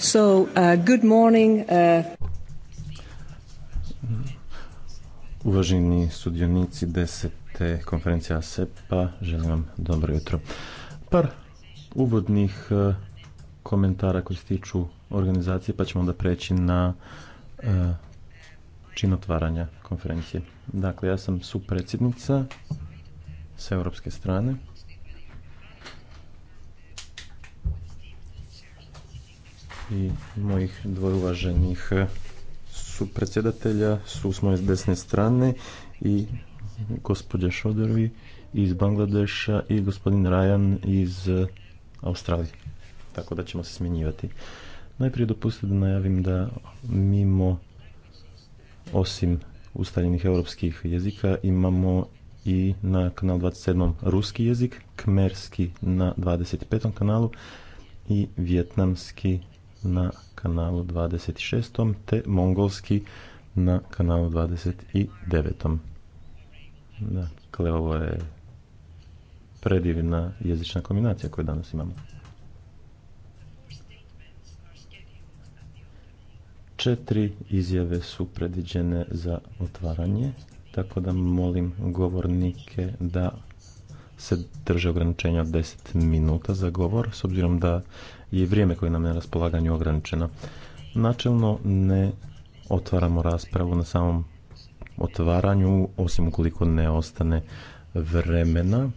So, uh, good morning. Uh... Uvaženi sudionici desete konferencije SEP-a želim vam dobro jutro. Par uvodnih uh, komentara koji se tiču organizacije, pa ćemo onda preći na uh, čin otvaranja konferencije. Dakle, ja sam supredsjednica s europske strane. i mojih dvoje uvaženih e, supredsjedatelja su s moje desne strane i gospođa šodorvi iz Bangladeša i gospodin Rajan iz e, Australije. Tako da ćemo se smjenjivati. Najprije dopustite da najavim da mimo osim ustaljenih europskih jezika imamo i na kanal 27. ruski jezik, kmerski na 25. kanalu i vjetnamski na kanalu 26. te mongolski na kanalu 29. Dakle, ovo je predivna jezična kombinacija koju danas imamo. Četiri izjave su predviđene za otvaranje, tako da molim govornike da se drže ograničenja od 10 minuta za govor, s obzirom da i vrijeme koje nam je na raspolaganju ograničeno. Načelno ne otvaramo raspravu na samom otvaranju, osim ukoliko ne ostane vremena,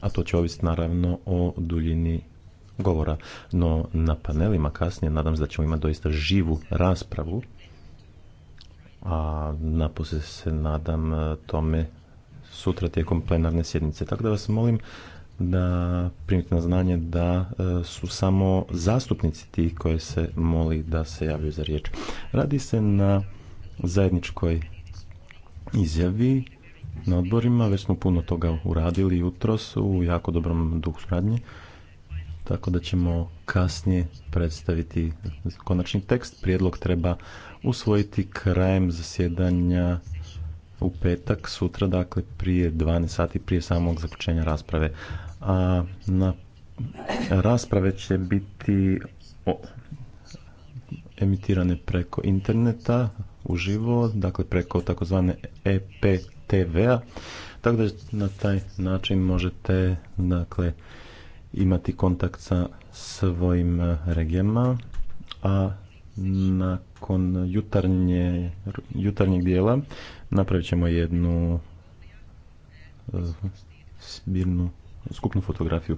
a to će ovisiti naravno o duljini govora. No na panelima kasnije nadam se da ćemo imati doista živu raspravu, a napose se nadam tome sutra tijekom plenarne sjednice. Tako da vas molim da primiti na znanje da e, su samo zastupnici ti koji se moli da se javljaju za riječ. Radi se na zajedničkoj izjavi na odborima, već smo puno toga uradili jutros u jako dobrom duhu suradnje, tako da ćemo kasnije predstaviti konačni tekst. Prijedlog treba usvojiti krajem zasjedanja u petak, sutra, dakle prije 12 sati, prije samog zaključenja rasprave a na rasprave će biti o, emitirane preko interneta uživo, dakle preko takozvane EPTV-a, tako da na taj način možete dakle imati kontakt sa svojim e, regijama, a nakon jutarnje, jutarnjeg dijela napravit ćemo jednu e, zbirnu skupnu fotografiju.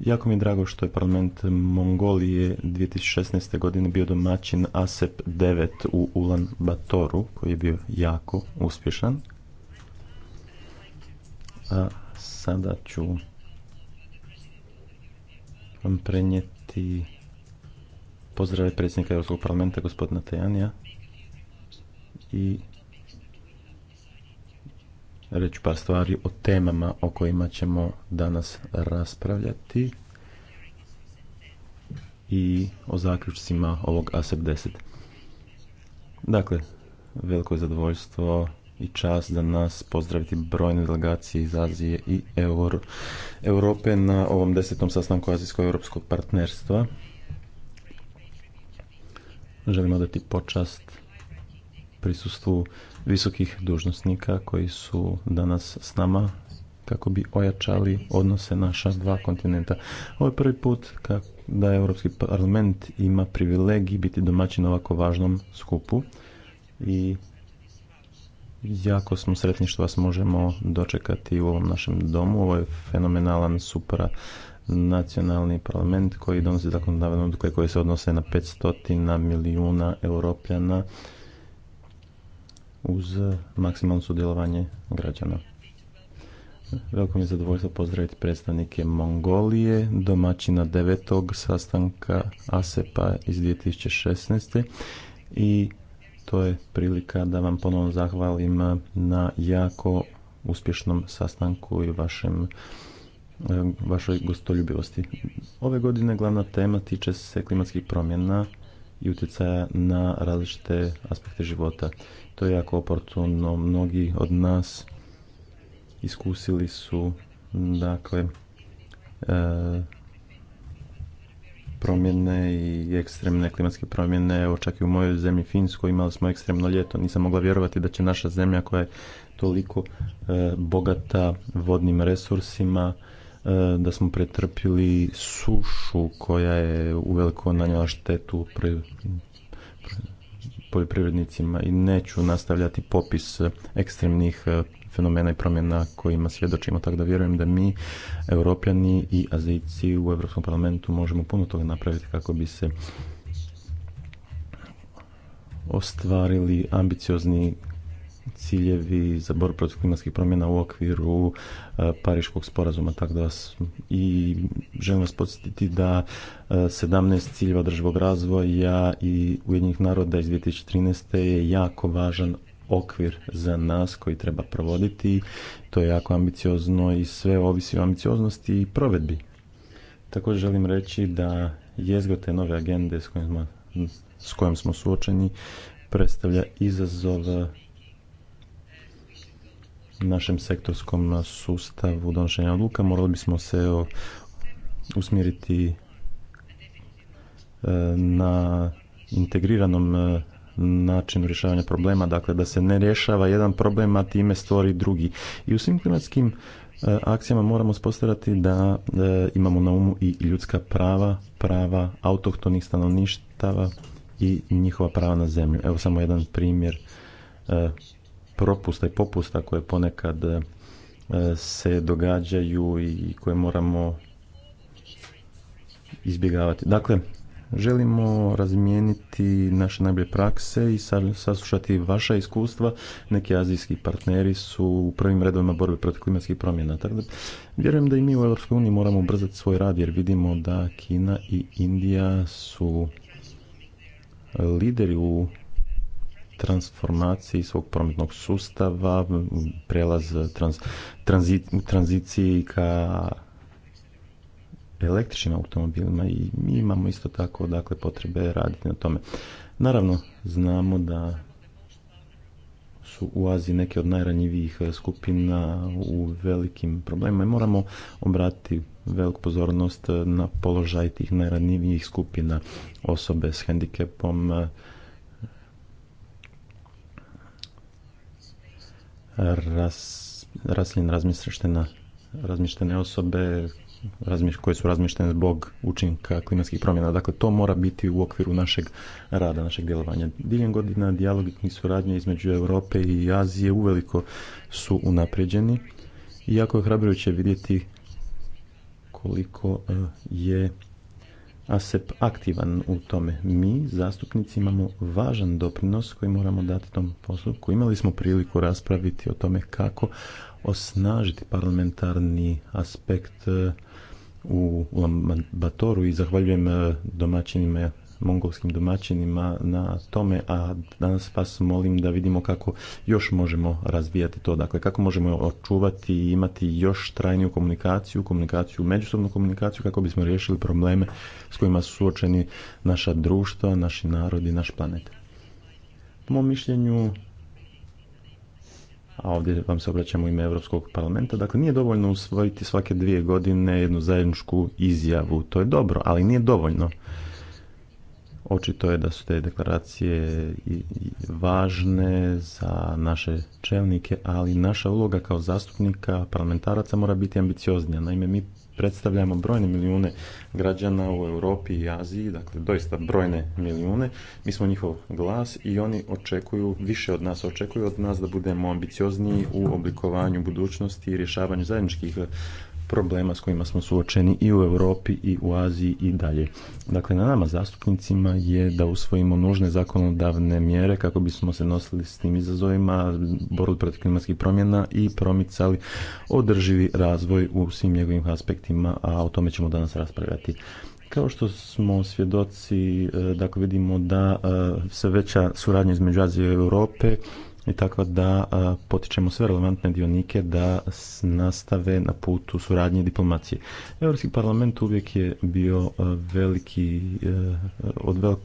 Jako mi je drago što je parlament Mongolije 2016. godine bio domaćin ASEP 9 u Ulan Batoru, koji je bio jako uspješan. A sada ću vam prenijeti pozdrave predsjednika Europskog parlamenta gospodina Tajanija i reći par stvari o temama o kojima ćemo danas raspravljati i o zaključcima ovog ASEP e 10. Dakle, veliko je zadovoljstvo i čast da nas pozdraviti brojne delegacije iz Azije i Euro, Europe na ovom desetom sastanku Azijsko-europskog partnerstva. Želimo dati počast prisustvu visokih dužnosnika koji su danas s nama kako bi ojačali odnose naša dva kontinenta. Ovo je prvi put da Europski parlament ima privilegij biti domaćin ovako važnom skupu i jako smo sretni što vas možemo dočekati u ovom našem domu. Ovo je fenomenalan supra nacionalni parlament koji donosi zakonodavne odluke koje se odnose na 500 milijuna europljana uz maksimalno sudjelovanje građana. Veliko mi je zadovoljstvo pozdraviti predstavnike Mongolije, domaćina devetog sastanka ASEPA iz 2016. I to je prilika da vam ponovno zahvalim na jako uspješnom sastanku i vašem vašoj gostoljubivosti. Ove godine glavna tema tiče se klimatskih promjena i utjecaja na različite aspekte života. To je jako oportuno. Mnogi od nas iskusili su dakle e, promjene i ekstremne klimatske promjene. Evo čak i u mojoj zemlji Finskoj imali smo ekstremno ljeto. Nisam mogla vjerovati da će naša zemlja koja je toliko e, bogata vodnim resursima E, da smo pretrpili sušu koja je uveliko nanjela štetu poljoprivrednicima i neću nastavljati popis ekstremnih e, fenomena i promjena kojima svjedočimo, tako da vjerujem da mi, europljani i azijci u Europskom parlamentu možemo puno toga napraviti kako bi se ostvarili ambiciozni ciljevi za borbu protiv klimatskih promjena u okviru uh, Pariškog sporazuma. Tako da vas i želim vas podsjetiti da 17 uh, ciljeva državog razvoja i Ujedinjenih naroda iz 2013. je jako važan okvir za nas koji treba provoditi. To je jako ambiciozno i sve ovisi o ambicioznosti i provedbi. Također želim reći da jezgo te nove agende s kojom smo, s kojom smo suočeni predstavlja izazov našem sektorskom sustavu donošenja odluka morali bismo se usmjeriti e, na integriranom e, načinu rješavanja problema, dakle da se ne rješava jedan problem, a time stvori drugi. I u svim klimatskim e, akcijama moramo spostaviti da imamo na umu i ljudska prava, prava autohtonih stanovništava i njihova prava na zemlju. Evo samo jedan primjer propusta i popusta koje ponekad e, se događaju i koje moramo izbjegavati. Dakle, želimo razmijeniti naše najbolje prakse i saslušati vaša iskustva. Neki azijski partneri su u prvim redovima borbe protiv klimatskih promjena. Tako da vjerujem da i mi u EU moramo ubrzati svoj rad jer vidimo da Kina i Indija su lideri u transformaciji svog prometnog sustava, prelaz trans, tranziciji ka električnim automobilima i mi imamo isto tako dakle potrebe raditi na tome. Naravno, znamo da su u Aziji neke od najranjivijih skupina u velikim problemima i moramo obratiti veliku pozornost na položaj tih najranjivijih skupina osobe s hendikepom, ras, razmještene osobe koje su razmještene zbog učinka klimatskih promjena. Dakle, to mora biti u okviru našeg rada, našeg djelovanja. Diljem godina dijalog i suradnje između Europe i Azije uveliko su unapređeni. Iako je hrabrujuće vidjeti koliko eh, je ASEP aktivan u tome. Mi, zastupnici, imamo važan doprinos koji moramo dati tom postupku. Imali smo priliku raspraviti o tome kako osnažiti parlamentarni aspekt eh, u Lambatoru i zahvaljujem eh, domaćinima mongolskim domaćinima na tome, a danas vas molim da vidimo kako još možemo razvijati to. Dakle, kako možemo očuvati i imati još trajniju komunikaciju, komunikaciju, međusobnu komunikaciju, kako bismo riješili probleme s kojima su suočeni naša društva, naši narodi, naš planet. Po mom mišljenju, a ovdje vam se obraćamo u ime Europskog parlamenta, dakle nije dovoljno usvojiti svake dvije godine jednu zajedničku izjavu. To je dobro, ali nije dovoljno. Očito je da su te deklaracije važne za naše čelnike, ali naša uloga kao zastupnika, parlamentaraca mora biti ambicioznija. Naime, mi predstavljamo brojne milijune građana u Europi i Aziji, dakle doista brojne milijune. Mi smo njihov glas i oni očekuju, više od nas očekuju od nas da budemo ambiciozniji u oblikovanju budućnosti i rješavanju zajedničkih problema s kojima smo suočeni i u Europi i u Aziji i dalje. Dakle, na nama zastupnicima je da usvojimo nužne zakonodavne mjere kako bismo se nosili s tim izazovima, borili protiv klimatskih promjena i promicali održivi razvoj u svim njegovim aspektima, a o tome ćemo danas raspravljati kao što smo svjedoci, e, dakle vidimo da se veća suradnja između Azije i Europe i tako da potičemo sve relevantne dionike da nastave na putu suradnje i diplomacije. Europski parlament uvijek je bio veliki e, od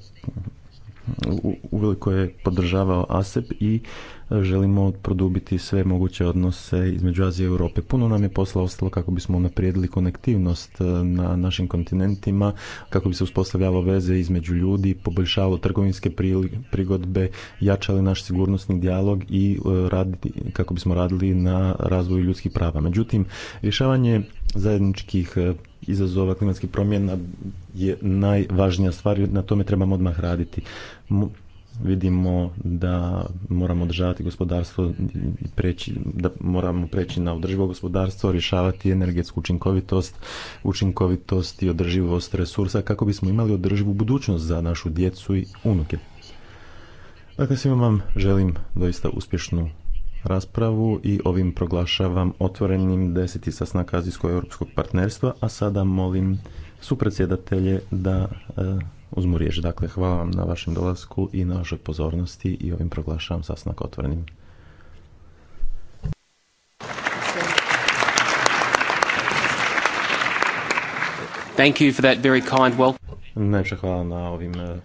veliko je podržavao ASEP i želimo produbiti sve moguće odnose između Azije i Europe. Puno nam je posla ostalo kako bismo unaprijedili konektivnost e, na našim kontinentima, kako bi se uspostavljalo veze između ljudi, poboljšalo trgovinske prigodbe, jačali naš sigurnosni dijalog i e, kako bismo radili na razvoju ljudskih prava. Međutim, rješavanje zajedničkih e, izazova klimatskih promjena je najvažnija stvar i na tome trebamo odmah raditi vidimo da moramo održavati gospodarstvo, preći, da moramo preći na održivo gospodarstvo, rješavati energetsku učinkovitost, učinkovitost i održivost resursa kako bismo imali održivu budućnost za našu djecu i unuke. Dakle, svima vam želim doista uspješnu raspravu i ovim proglašavam otvorenim deseti sastanak Azijsko-europskog partnerstva, a sada molim supredsjedatelje da e, uzmu riječ. Dakle, hvala vam na vašem dolasku i na vašoj pozornosti i ovim proglašavam sastanak otvorenim. Thank you for that very kind welcome. Najpša hvala na ovim eh,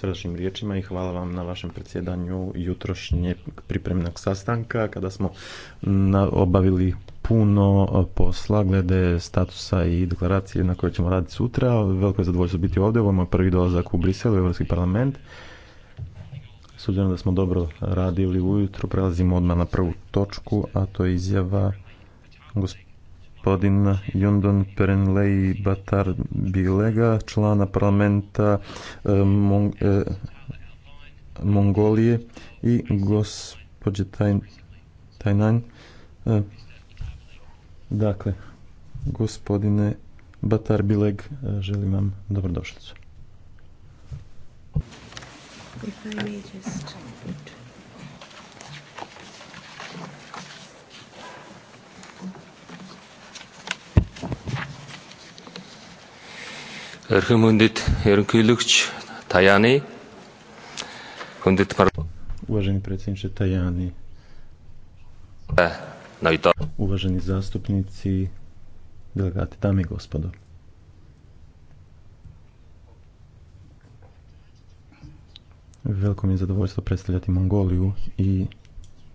srdačnim riječima i hvala vam na vašem predsjedanju jutrošnje pripremnog sastanka kada smo obavili puno e, posla glede statusa i deklaracije na kojoj ćemo raditi sutra. Veliko je zadovoljstvo biti ovdje. Ovo je moj prvi dolazak u brisel u Europski parlament. S obzirom da smo dobro radili ujutro, prelazimo odmah na prvu točku, a to je izjava gospodina gospodin Jundon Perenlei Batar Bilega, člana parlamenta e, e, Mongolije i gospođe e, Dakle, gospodine Batar Bileg, želim vam dobrodošlicu. Uvaženi predsjedniče Tajani. E, Uvaženi zastupnici, delegati, dame i gospodo. Veliko mi je zadovoljstvo predstavljati Mongoliju i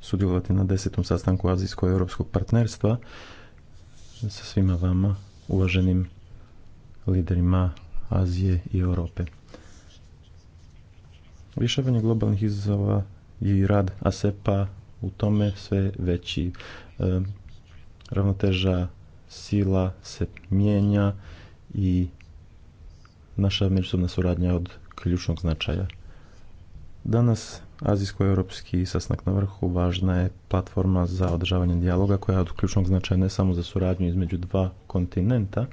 sudjelovati na desetom sastanku Azijsko-europskog partnerstva sa svima vama, uvaženim liderima Azije i Europe. Rješavanje globalnih izazova i rad ASEPA u tome sve veći. E, ravnoteža sila se mijenja i naša međusobna suradnja od ključnog značaja. Danas Azijsko-europski sasnak na vrhu važna je platforma za održavanje dijaloga koja je od ključnog značaja ne samo za suradnju između dva kontinenta,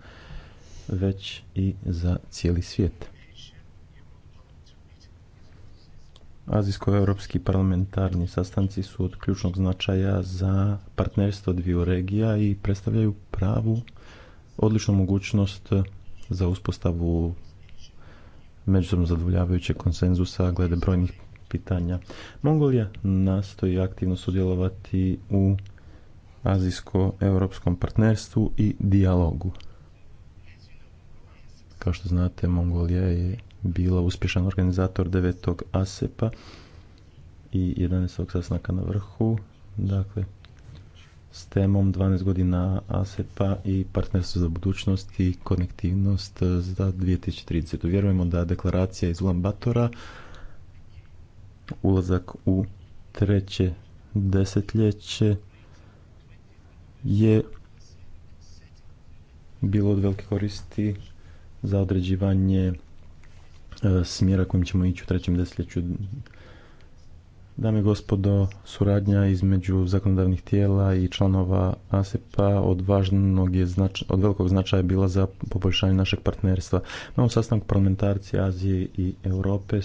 već i za cijeli svijet. Azijsko-europski parlamentarni sastanci su od ključnog značaja za partnerstvo dviju regija i predstavljaju pravu odličnu mogućnost za uspostavu međusobno zadovoljavajućeg konsenzusa glede brojnih pitanja. Mongolija nastoji aktivno sudjelovati u azijsko-europskom partnerstvu i dijalogu. Kao što znate, Mongolija je bila uspješan organizator 9. ASEPA i 11. sastanka na vrhu. Dakle, s temom 12 godina ASEPA i partnerstvo za budućnost i konektivnost za 2030. Vjerujemo da deklaracija iz Batora ulazak u treće desetljeće je bilo od velike koristi za određivanje e, smjera kojim ćemo ići u trećem desetljeću. Dame i gospodo, suradnja između zakonodavnih tijela i članova ASEPA od, važnog je od velikog značaja bila za poboljšanje našeg partnerstva. ovom sastanku parlamentarci Azije i Europe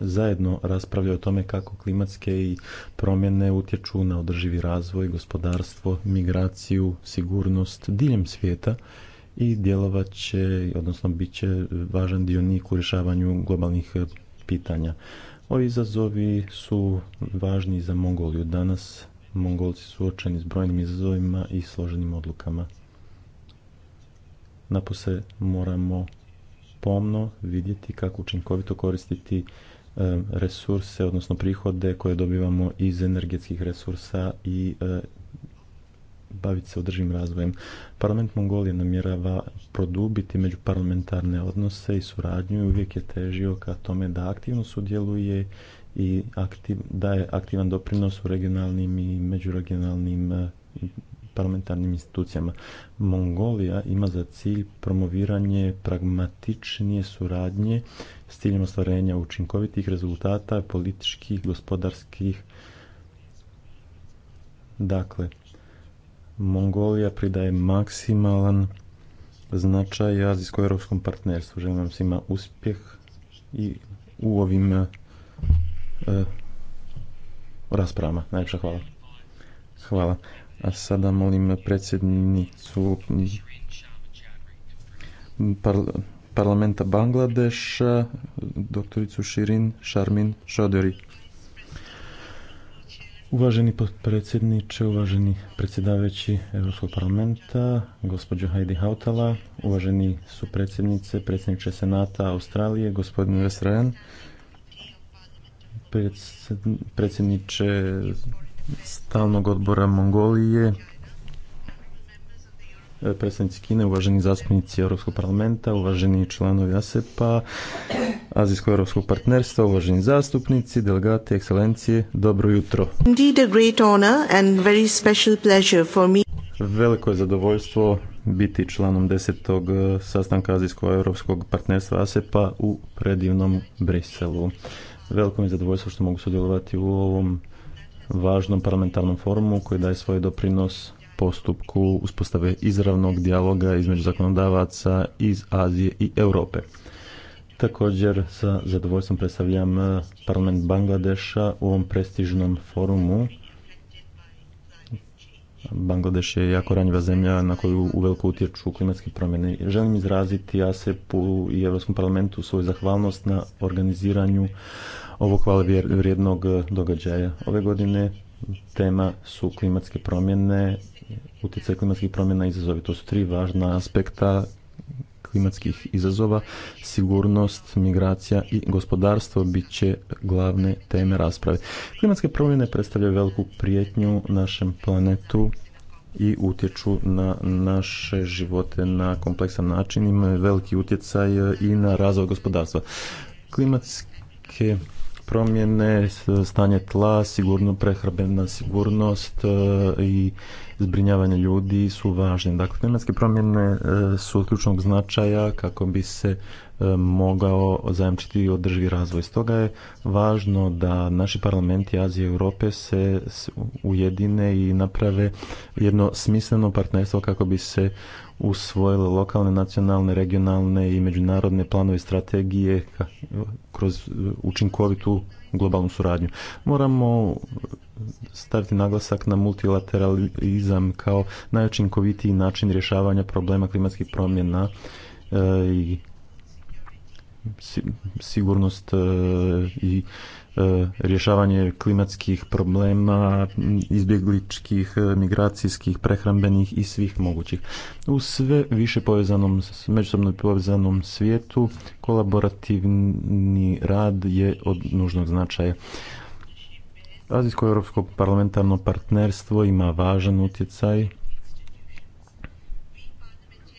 zajedno raspravljaju o tome kako klimatske i promjene utječu na održivi razvoj, gospodarstvo, migraciju, sigurnost diljem svijeta i djelovat će, odnosno bit će važan dionik u rješavanju globalnih e, pitanja. Ovi izazovi su važni za Mongoliju danas. Mongolci su s brojnim izazovima i složenim odlukama. Napose moramo pomno vidjeti kako učinkovito koristiti e, resurse, odnosno prihode koje dobivamo iz energetskih resursa i e, baviti se održivim razvojem. Parlament Mongolije namjerava produbiti međuparlamentarne odnose i suradnju i uvijek je težio ka tome da aktivno sudjeluje i aktiv, daje aktivan doprinos u regionalnim i međuregionalnim eh, parlamentarnim institucijama. Mongolija ima za cilj promoviranje pragmatičnije suradnje s ciljem ostvarenja učinkovitih rezultata političkih, gospodarskih. Dakle, Mongolija pridaje maksimalan značaj azijsko-europskom partnerstvu. Želim vam svima uspjeh i u ovim e, raspravama. Najljepša hvala. Hvala. A sada molim predsjednicu parlamenta Bangladeša, doktoricu Shirin Sharmin Shodori. Uvaženi potpredsjedniče, uvaženi predsjedavajući Europskog parlamenta, gospođo Heidi Hautala, uvaženi su predsjednice, predsjedniče Senata Australije, gospodin Vesrajan, predsjedniče stalnog odbora Mongolije, E, predstavnici Kine, uvaženi zastupnici Europskog parlamenta, uvaženi članovi ASEPA, Azijsko-europskog partnerstva, uvaženi zastupnici, delegati, ekscelencije, dobro jutro. Veliko je zadovoljstvo biti članom desetog e, sastanka Azijsko-europskog partnerstva ASEPA u predivnom Briselu. Veliko mi je zadovoljstvo što mogu sudjelovati u ovom važnom parlamentarnom forumu koji daje svoj doprinos postupku uspostave izravnog dijaloga između zakonodavaca iz Azije i Europe. Također sa zadovoljstvom predstavljam eh, parlament Bangladeša u ovom prestižnom forumu. Bangladeš je jako ranjiva zemlja na koju u uveliko utječu klimatske promjene. Želim izraziti ASEP-u i Europskom parlamentu svoju zahvalnost na organiziranju ovog hvale vrijednog eh, događaja. Ove godine tema su klimatske promjene, utjecaj klimatskih promjena i izazovi. To su tri važna aspekta klimatskih izazova, sigurnost, migracija i gospodarstvo bit će glavne teme rasprave. Klimatske promjene predstavljaju veliku prijetnju našem planetu i utječu na naše živote na kompleksan način, imaju veliki utjecaj i na razvoj gospodarstva. Klimatske promjene, stanje tla, sigurno prehrabena sigurnost e, i zbrinjavanja ljudi su važni. Dakle, klimatske promjene e, su od ključnog značaja kako bi se e, mogao zajamčiti održivi razvoj. Stoga je važno da naši parlamenti Azije i Europe se ujedine i naprave jedno smisleno partnerstvo kako bi se usvojile lokalne, nacionalne, regionalne i međunarodne planove strategije kroz e, učinkovitu globalnu suradnju. Moramo staviti naglasak na multilateralizam kao najučinkovitiji način rješavanja problema klimatskih promjena e, i sigurnost e, i E, rješavanje klimatskih problema, izbjegličkih, e, migracijskih, prehrambenih i svih mogućih. U sve više povezanom, međusobno povezanom svijetu kolaborativni rad je od nužnog značaja. Azijsko-europsko parlamentarno partnerstvo ima važan utjecaj.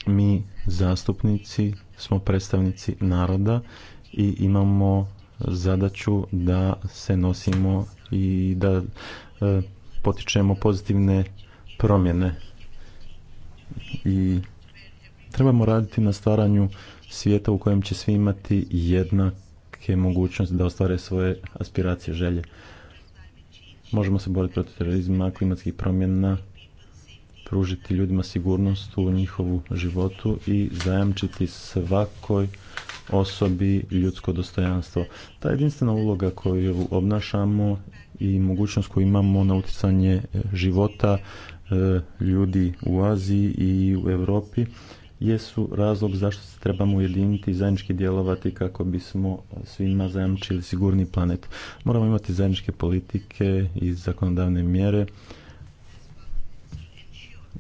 Mi zastupnici smo predstavnici naroda i imamo zadaću da se nosimo i da e, potičemo pozitivne promjene i trebamo raditi na stvaranju svijeta u kojem će svi imati jednake mogućnosti da ostvare svoje aspiracije, želje. Možemo se boriti protiv terorizma, klimatskih promjena, pružiti ljudima sigurnost u njihovu životu i zajamčiti svakoj osobi ljudsko dostojanstvo. Ta jedinstvena uloga koju obnašamo i mogućnost koju imamo na utjecanje e, života e, ljudi u Aziji i u Europi jesu razlog zašto se trebamo ujediniti i zajednički djelovati kako bismo svima zajamčili sigurni planet. Moramo imati zajedničke politike i zakonodavne mjere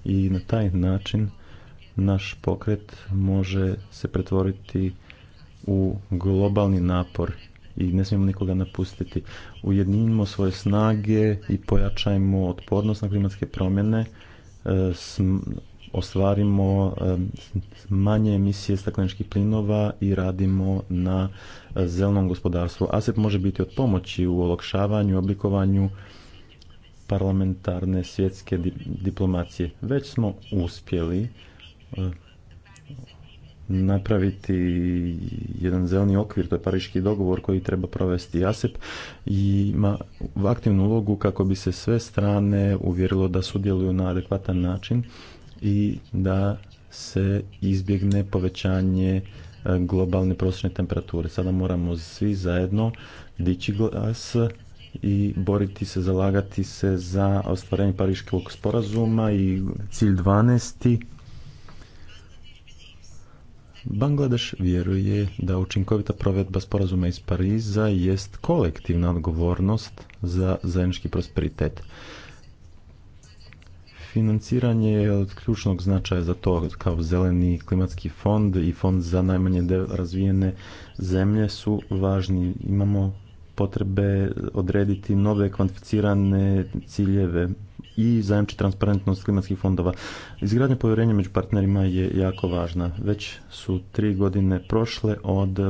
i na taj način naš pokret može se pretvoriti u globalni napor i ne smijemo nikoga napustiti. Ujedinimo svoje snage i pojačajmo otpornost na klimatske promjene, e, ostvarimo e, manje emisije stakleničkih plinova i radimo na e, zelenom gospodarstvu. ASEP može biti od pomoći u olakšavanju, oblikovanju parlamentarne svjetske diplomacije. Već smo uspjeli napraviti jedan zeleni okvir, to je pariški dogovor koji treba provesti ASEP i ima aktivnu ulogu kako bi se sve strane uvjerilo da sudjeluju na adekvatan način i da se izbjegne povećanje e, globalne prosječne temperature. Sada moramo svi zajedno dići glas i boriti se, zalagati se za ostvarenje Pariškog sporazuma i cilj 12. Bangladeš vjeruje da učinkovita provedba sporazuma iz Pariza jest kolektivna odgovornost za zajednički prosperitet. Financiranje je od ključnog značaja za to, kao zeleni klimatski fond i fond za najmanje razvijene zemlje su važni. Imamo potrebe odrediti nove kvantificirane ciljeve i zajamči transparentnost klimatskih fondova. Izgradnja povjerenja među partnerima je jako važna. Već su tri godine prošle od eh,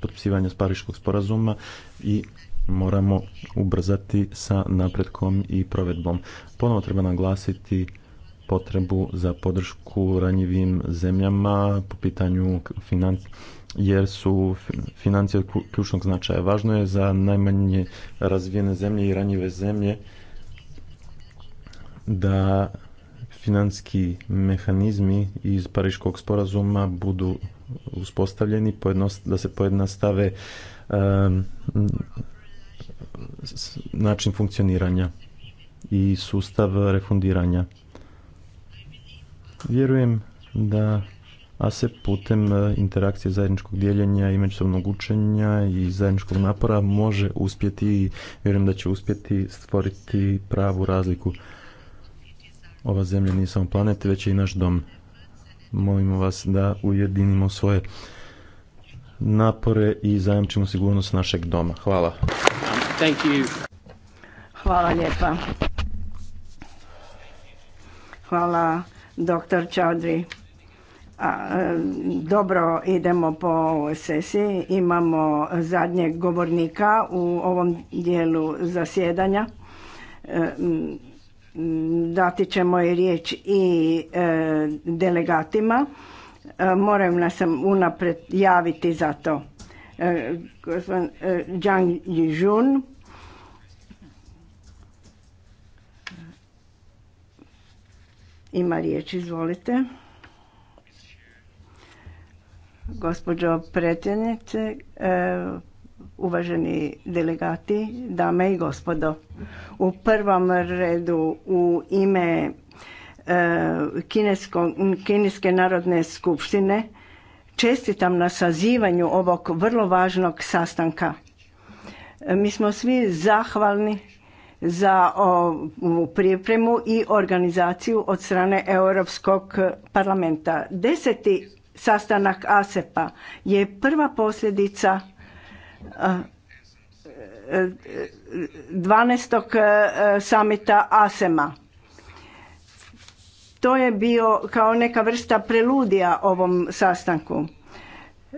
potpisivanja spariškog sporazuma i moramo ubrzati sa napretkom i provedbom. Ponovo treba naglasiti potrebu za podršku ranjivim zemljama po pitanju financija jer su financije ključnog značaja. Važno je za najmanje razvijene zemlje i ranjive zemlje da financijski mehanizmi iz Pariškog sporazuma budu uspostavljeni, da se pojednostave način funkcioniranja i sustav refundiranja. Vjerujem da a se putem e, interakcije zajedničkog dijeljenja i međusobnog učenja i zajedničkog napora može uspjeti i vjerujem da će uspjeti stvoriti pravu razliku ova zemlja nije samo planet, već i naš dom. Molimo vas da ujedinimo svoje napore i zajamčimo sigurnost našeg doma. Hvala. Thank you. Hvala lijepa. Hvala doktor Čaudri. A, e, dobro idemo po ovoj sesiji. Imamo zadnjeg govornika u ovom dijelu zasjedanja. E, dati ćemo i riječ i e, delegatima. E, moram nas unaprijed javiti za to. E, gospodin Zhang Ima riječ, izvolite. Gospođo predsjednice, uvaženi delegati, dame i gospodo. U prvom redu u ime e, Kineske narodne skupštine čestitam na sazivanju ovog vrlo važnog sastanka. E, mi smo svi zahvalni za ovu pripremu i organizaciju od strane Europskog parlamenta. Deseti sastanak ASEPA e je prva posljedica 12. E, samita ASEMA. To je bio kao neka vrsta preludija ovom sastanku.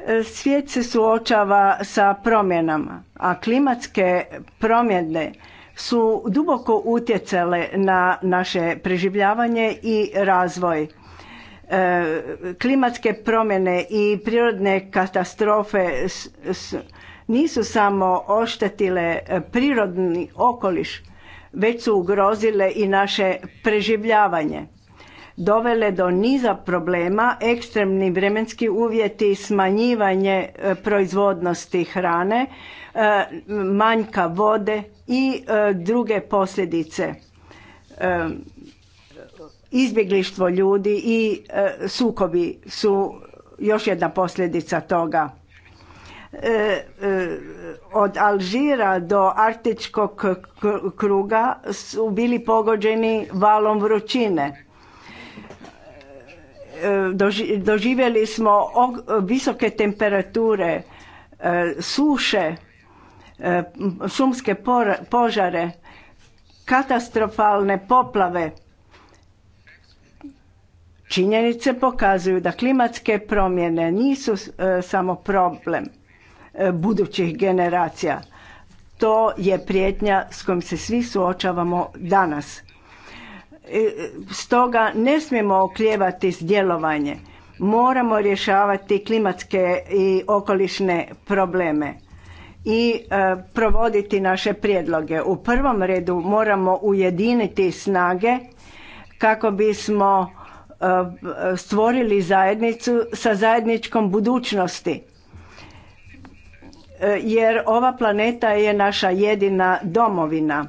E, svijet se suočava sa promjenama, a klimatske promjene su duboko utjecale na naše preživljavanje i razvoj. E, klimatske promjene i prirodne katastrofe su nisu samo oštetile e, prirodni okoliš, već su ugrozile i naše preživljavanje. Dovele do niza problema, ekstremni vremenski uvjeti, smanjivanje e, proizvodnosti hrane, e, manjka vode i druge posljedice izbjeglištvo ljudi i sukobi su još jedna posljedica toga E, e, od Alžira do Arktičkog kruga su bili pogođeni valom vrućine. E, doživjeli smo visoke temperature, suše, šumske požare, katastrofalne poplave. Činjenice pokazuju da klimatske promjene nisu samo problem E, budućih generacija. To je prijetnja s kojom se svi suočavamo danas. E, stoga ne smijemo oklijevati s djelovanje. Moramo rješavati klimatske i okolišne probleme i e, provoditi naše prijedloge. U prvom redu moramo ujediniti snage kako bismo stvorili zajednicu sa zajedničkom budućnosti jer ova planeta je naša jedina domovina.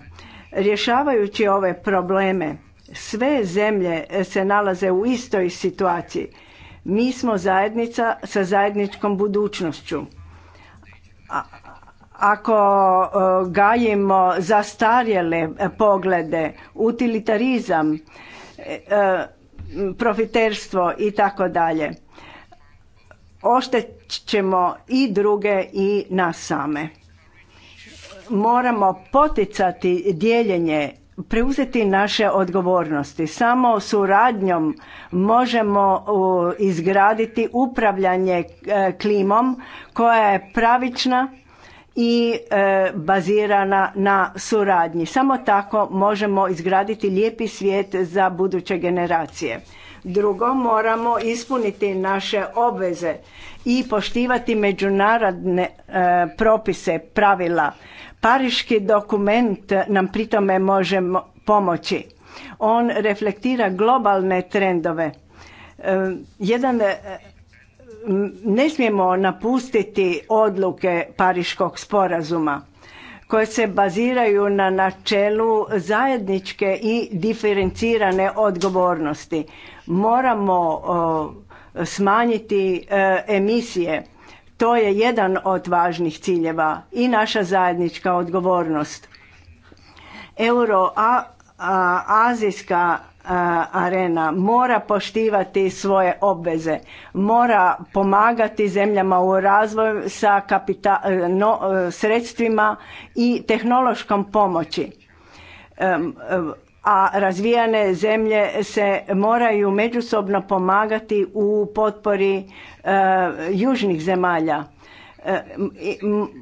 Rješavajući ove probleme, sve zemlje se nalaze u istoj situaciji. Mi smo zajednica sa zajedničkom budućnošću. Ako e, gajimo zastarjele poglede, utilitarizam, e, e, profiterstvo i tako dalje oštećemo i druge i nas same. Moramo poticati dijeljenje, preuzeti naše odgovornosti. Samo suradnjom možemo izgraditi upravljanje e, klimom koja je pravična i e, bazirana na suradnji. Samo tako možemo izgraditi lijepi svijet za buduće generacije. Drugo, moramo ispuniti naše obveze i poštivati međunarodne e, propise, pravila. Pariški dokument nam pritome može pomoći. On reflektira globalne trendove. E, jedan e, ne smijemo napustiti odluke Pariškog sporazuma koje se baziraju na načelu zajedničke i diferencirane odgovornosti. Moramo smanjiti e, emisije. To je jedan od važnih ciljeva i naša zajednička odgovornost. Euroazijska arena mora poštivati svoje obveze, mora pomagati zemljama u razvoju sa e, e, sredstvima i tehnološkom pomoći. A razvijane zemlje se moraju međusobno pomagati u potpori e, južnih zemalja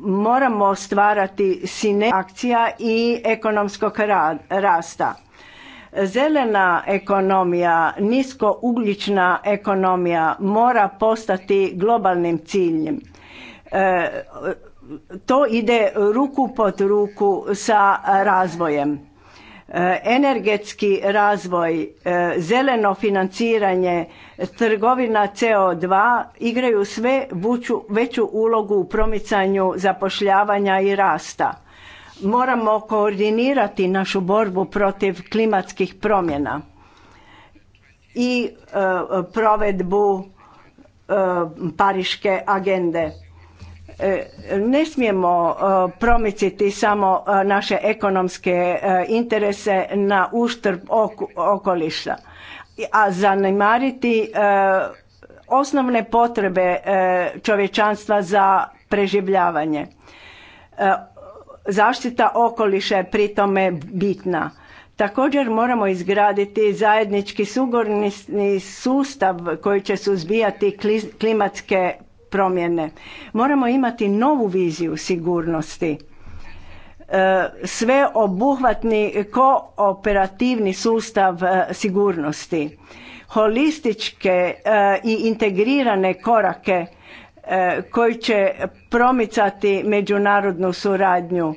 moramo stvarati sine akcija i ekonomskog rasta. Zelena ekonomija, ugljična ekonomija mora postati globalnim ciljem. E, to ide ruku pod ruku sa razvojem. E, energetski razvoj, e, zeleno financiranje, trgovina CO2 igraju sve veću ulogu u promicanju zapošljavanja i rasta Moramo koordinirati našu borbu protiv klimatskih promjena i e, provedbu e, pariške agende. E, ne smijemo promiciti samo naše ekonomske interese na uštrb okoliša, a zanemariti osnovne potrebe čovječanstva za preživljavanje. Zaštita okoliša je pri tome bitna. Također moramo izgraditi zajednički sugorni sustav koji će suzbijati klimatske promjene. Moramo imati novu viziju sigurnosti. E, Sve kooperativni sustav e, sigurnosti. Holističke e, i integrirane korake E, koji će promicati međunarodnu suradnju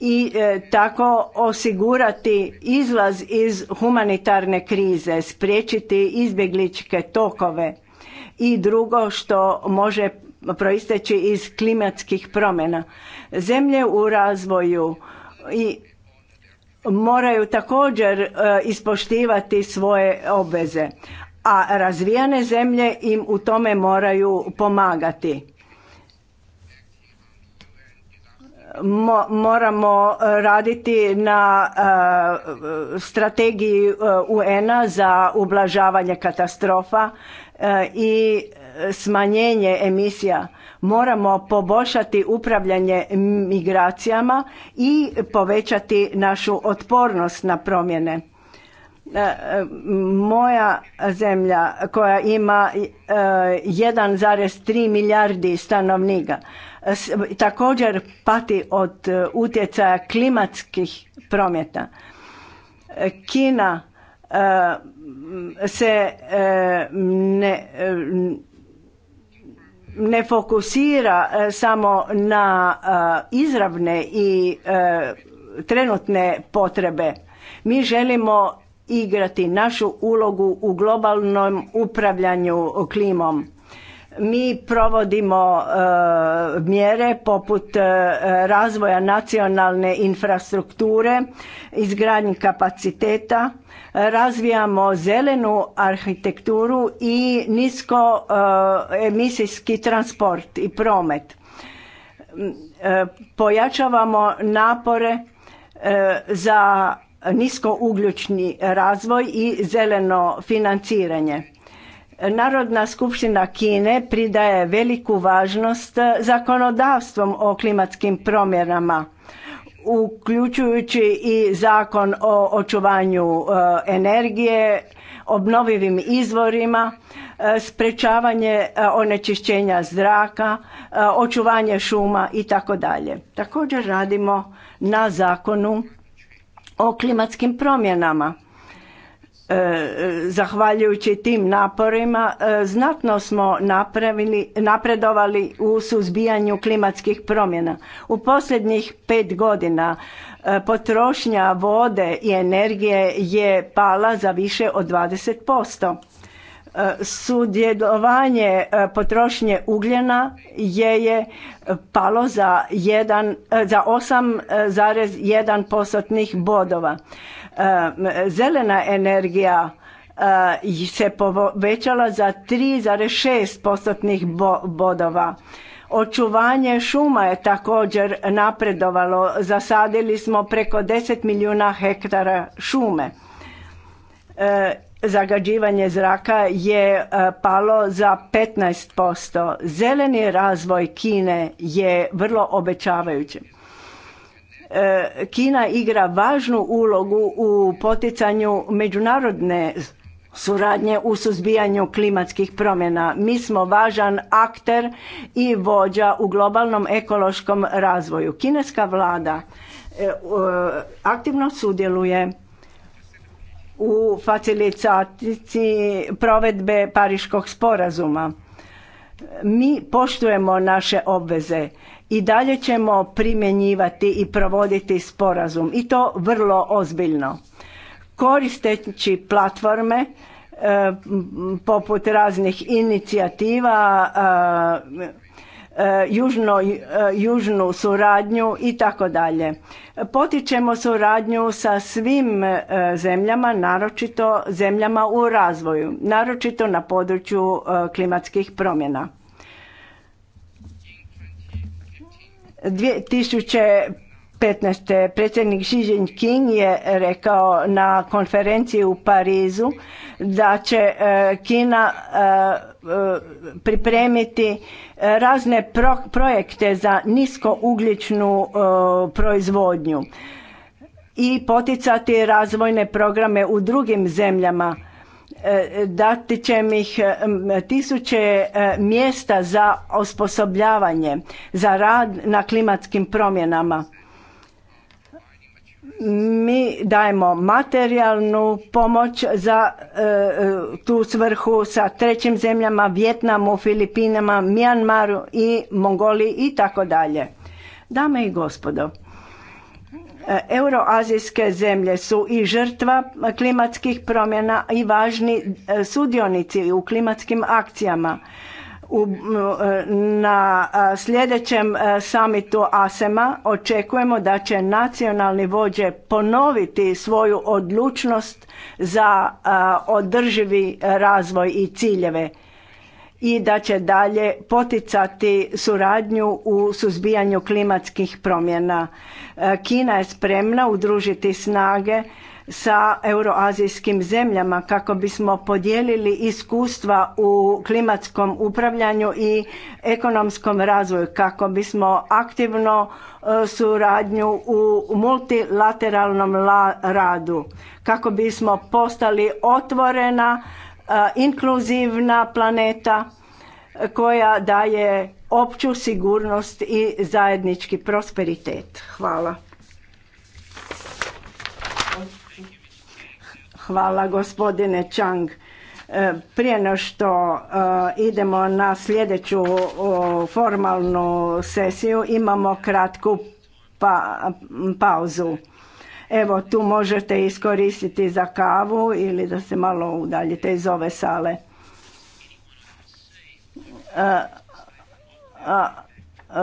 i e, tako osigurati izlaz iz humanitarne krize, spriječiti izbjegličke tokove i drugo što može proisteći iz klimatskih promjena. Zemlje u razvoju i moraju također e, ispoštivati svoje obveze a razvijene zemlje im u tome moraju pomagati. moramo raditi na e, strategiji e, UN-a za ublažavanje katastrofa e, i smanjenje emisija. Moramo poboljšati upravljanje migracijama i povećati našu otpornost na promjene E, moja zemlja koja ima 1,3 e, milijardi stanovnika e, također pati od utjecaja klimatskih promjena. Kina se ne, ne fokusira samo na izravne i trenutne potrebe. Mi želimo igrati našu ulogu u globalnom upravljanju klimom. Mi provodimo e, mjere poput e, razvoja nacionalne infrastrukture, izgradnji kapaciteta, razvijamo zelenu arhitekturu i nisko e, emisijski transport i promet. Pojačavamo napore za niskougljučni razvoj i zeleno financiranje. Narodna skupština Kine pridaje veliku važnost zakonodavstvom o klimatskim promjenama uključujući i zakon o očuvanju e, energije, obnovivim izvorima, e, sprečavanje e, onečišćenja zraka, očuvanje šuma i tako dalje. Također radimo na zakonu o klimatskim promjenama. E, zahvaljujući tim naporima e, znatno smo napravili, napredovali u suzbijanju klimatskih promjena. U posljednjih pet godina e, potrošnja vode i energije je pala za više od 20% sudjelovanje e, potrošnje ugljena je, je palo za, jedan, e, za 8,1 e, postotnih bodova. Zelena energija se povećala za 3,6 postotnih bodova. Očuvanje šuma je također napredovalo. Zasadili smo preko 10 milijuna hektara šume zagađivanje zraka je e, palo za 15%. Zeleni razvoj Kine je vrlo obećavajući. E, Kina igra važnu ulogu u poticanju međunarodne suradnje u suzbijanju klimatskih promjena. Mi smo važan akter i vođa u globalnom ekološkom razvoju. Kineska vlada e, aktivno sudjeluje u facilitaciji provedbe Pariškog sporazuma. Mi poštujemo naše obveze i dalje ćemo primjenjivati i provoditi sporazum i to vrlo ozbiljno. Koristeći platforme eh, poput raznih inicijativa eh, Eh, južno, eh, južnu suradnju i tako dalje. Potičemo suradnju sa svim eh, zemljama, naročito zemljama u razvoju, naročito na području klimatskih promjena. 15. predsjednik Xi Jinping je rekao na konferenciji u Parizu da će e, Kina e, e, pripremiti razne projekte za niskougljičnu proizvodnju i poticati razvojne programe u drugim zemljama dati će mi tisuće mjesta za osposobljavanje za rad na klimatskim promjenama mi dajemo materijalnu pomoć za e, e, tu svrhu sa trećim zemljama Vjetnamu, Filipinama, Mijanmaru i Mongoliji i tako dalje. Dame i gospodo, e, euroazijske zemlje su i žrtva klimatskih promjena i važni sudionici u klimatskim akcijama. E, na sljedećem e, samitu ASEMA e očekujemo da će nacionalni vođe ponoviti svoju odlučnost za održivi razvoj i ciljeve i da će dalje poticati suradnju u suzbijanju klimatskih promjena. Kina je spremna udružiti snage sa euroazijskim zemljama kako bismo podijelili iskustva u klimatskom upravljanju i ekonomskom razvoju kako bismo aktivno e, suradnju u multilateralnom radu kako bismo postali otvorena e, inkluzivna planeta e, koja daje opću sigurnost i zajednički prosperitet. Hvala. Hvala gospodine Čang. E, prije no što e, idemo na sljedeću formalnu sesiju imamo kratku pa, pauzu. Evo tu možete iskoristiti za kavu ili da se malo udaljite iz ove sale. E,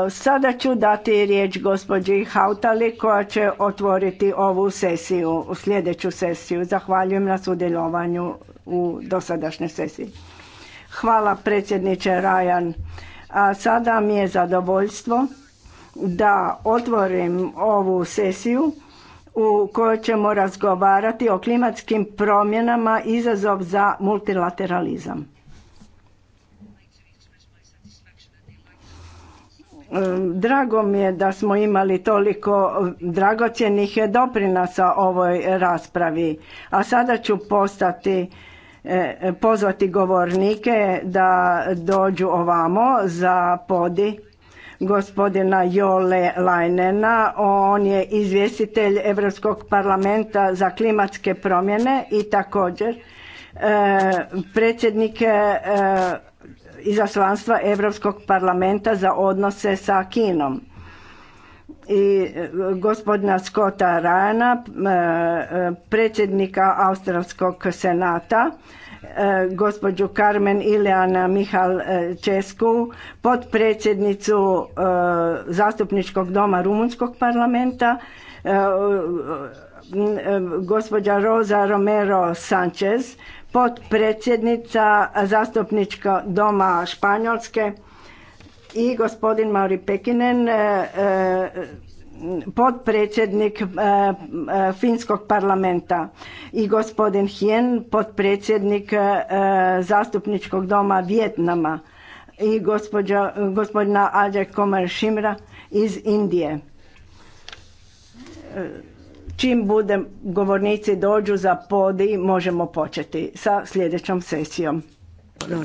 Sada ću dati riječ gospođi Hautali koja će otvoriti ovu sesiju, sljedeću sesiju. Zahvaljujem na sudjelovanju u dosadašnjoj sesiji. Hvala predsjedniče Rajan. A sada mi je zadovoljstvo da otvorim ovu sesiju u kojoj ćemo razgovarati o klimatskim promjenama izazov za multilateralizam. Drago mi je da smo imali toliko dragocjenih doprinosa ovoj raspravi. A sada ću postati e, pozvati govornike da dođu ovamo za podi gospodina Jole Lajnena. On je izvjestitelj Europskog parlamenta za klimatske promjene i također e, predsjednik e, izaslanstva Europskog parlamenta za odnose sa Kinom i e, gospodina Skota Rana, e, predsjednika Australskog senata, e, gospođu Carmen Ileana Mihal Česku, potpredsjednicu zastupničkog doma Rumunskog parlamenta, gospođa Rosa Romero Sanchez, potpredsjednica zastupnička doma Španjolske i gospodin Mauri Pekinen, e, e, potpredsjednik e, Finskog parlamenta i gospodin Hien, potpredsjednik zastupničkog doma Vjetnama i gospodina Ajay Komar šimra iz Indije. Čim budem govornici dođu za podi, možemo početi sa sljedećom sesijom. E, uh,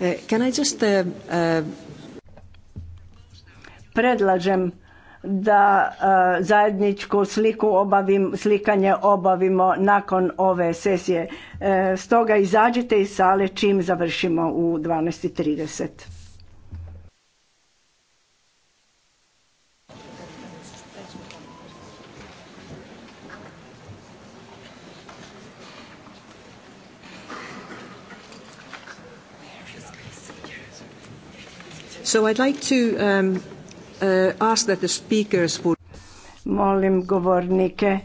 uh, Predlažem da uh, zajedničku sliku obavim, slikanje obavimo nakon ove sesije. E, stoga izađite iz sale čim završimo u 12.30. So um, uh, speakers Molim govornike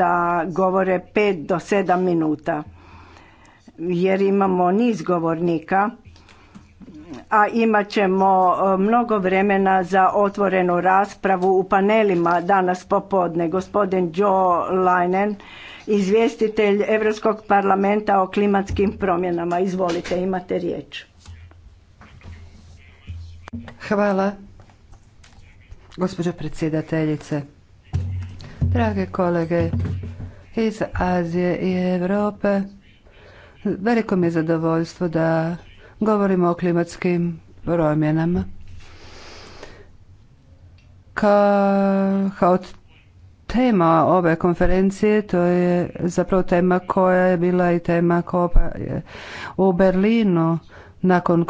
da govore 5 do sedam minuta jer imamo niz govornika a imat ćemo e, mnogo vremena za otvorenu raspravu u panelima danas popodne. Gospodin Joe Leinen, izvjestitelj Europskog parlamenta o klimatskim promjenama. Izvolite, imate riječ. Hvala, gospođo predsjedateljice. Drage kolege iz Azije i Europe, veliko mi je zadovoljstvo da govorimo o klimatskim promjenama. Ka, kao tema ove konferencije, to je zapravo tema koja je bila i tema Kopa u Berlinu nakon e,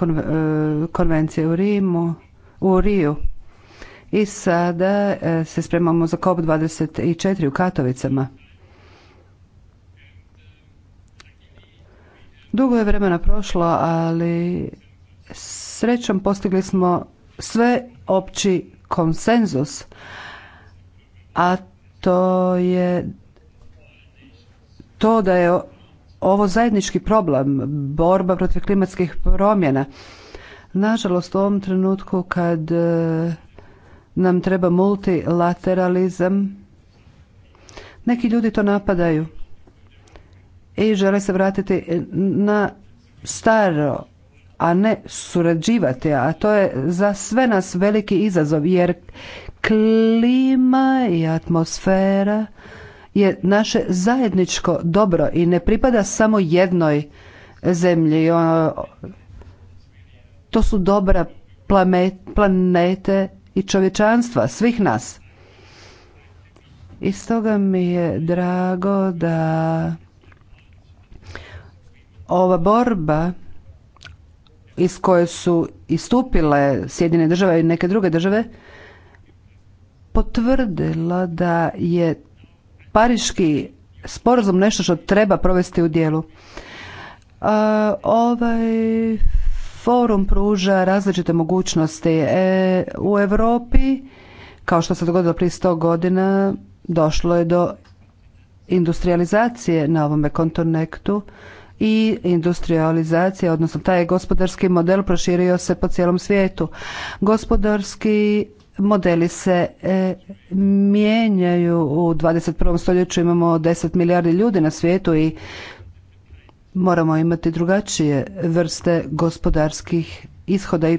konvencije u Rimu, u Riju. I sada e, se spremamo za COP24 u Katovicama. Dugo je vremena prošlo, ali srećom postigli smo sve opći konsenzus, a to je to da je ovo zajednički problem, borba protiv klimatskih promjena. Nažalost, u ovom trenutku kad e, nam treba multilateralizam, neki ljudi to napadaju i žele se vratiti na staro, a ne surađivati, a to je za sve nas veliki izazov, jer klima i atmosfera je naše zajedničko dobro i ne pripada samo jednoj zemlji. To su dobra planete i čovječanstva, svih nas. I stoga mi je drago da ova borba iz koje su istupile Sjedine države i neke druge države potvrdila da je pariški sporazum nešto što treba provesti u dijelu. E, ovaj forum pruža različite mogućnosti. E, u Europi, kao što se dogodilo prije 100 godina, došlo je do industrializacije na ovome kontonektu i industrializacija, odnosno taj gospodarski model proširio se po cijelom svijetu. Gospodarski modeli se e, mijenjaju u 21. stoljeću imamo 10 milijardi ljudi na svijetu i moramo imati drugačije vrste gospodarskih ishoda i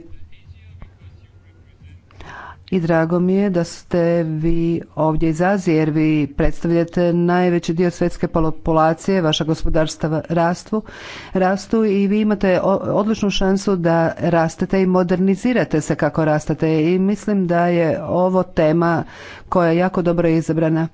i drago mi je da ste vi ovdje iz Azije jer vi predstavljate najveći dio svjetske populacije, vaša gospodarstva rastu, rastu i vi imate odličnu šansu da rastete i modernizirate se kako rastete i mislim da je ovo tema koja je jako dobro izabrana.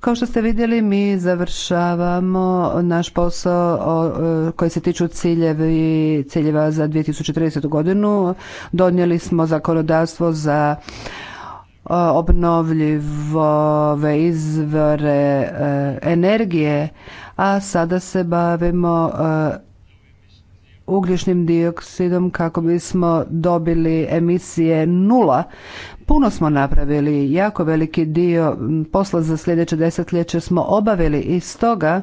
Kao što ste vidjeli, mi završavamo naš posao e, koji se tiču ciljeva za 2030. godinu. Donijeli smo zakonodavstvo za e, obnovljive izvore e, energije, a sada se bavimo ugljičnim dioksidom kako bismo dobili emisije nula Puno smo napravili, jako veliki dio posla za sljedeće desetljeće smo obavili i stoga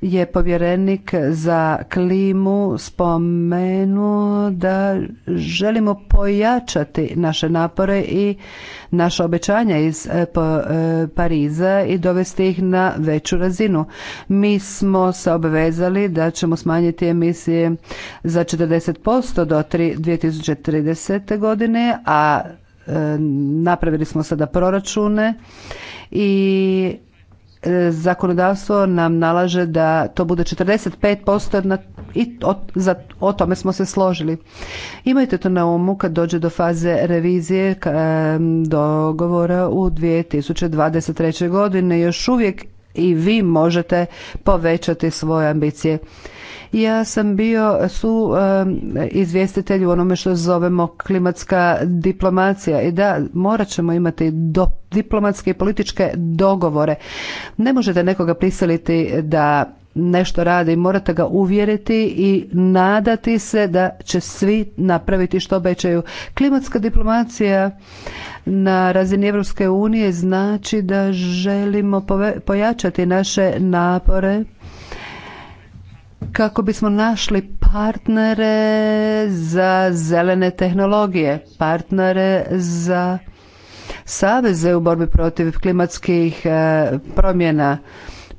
je povjerenik za klimu spomenuo da želimo pojačati naše napore i naše obećanja iz e, e, Pariza i dovesti ih na veću razinu. Mi smo se obvezali da ćemo smanjiti emisije za 40% do 2030. godine, a E, napravili smo sada proračune i e, zakonodavstvo nam nalaže da to bude 45% i o, tome smo se složili. Imajte to na umu kad dođe do faze revizije do e, dogovora u 2023. godine. Još uvijek i vi možete povećati svoje ambicije. Ja sam bio su izvjestitelj u onome što zovemo klimatska diplomacija i da morat ćemo imati diplomatske i političke dogovore. Ne možete nekoga prisiliti da nešto radi, morate ga uvjeriti i nadati se da će svi napraviti što obećaju. Klimatska diplomacija na razini Europske unije znači da želimo pojačati naše napore kako bismo našli partnere za zelene tehnologije, partnere za saveze u borbi protiv klimatskih e, promjena,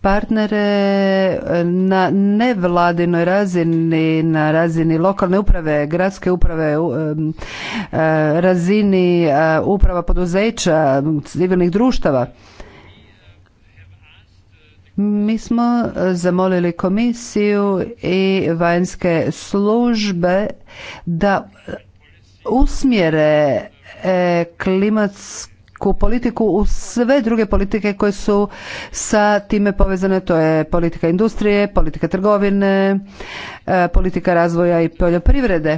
partnere e, na nevladinoj razini, na razini lokalne uprave, gradske uprave, e, razini uprava poduzeća, civilnih društava. Mi smo e, zamolili komisiju i vanjske službe da usmjere e, klimatsku politiku u sve druge politike koje su sa time povezane. To je politika industrije, politika trgovine, e, politika razvoja i poljoprivrede.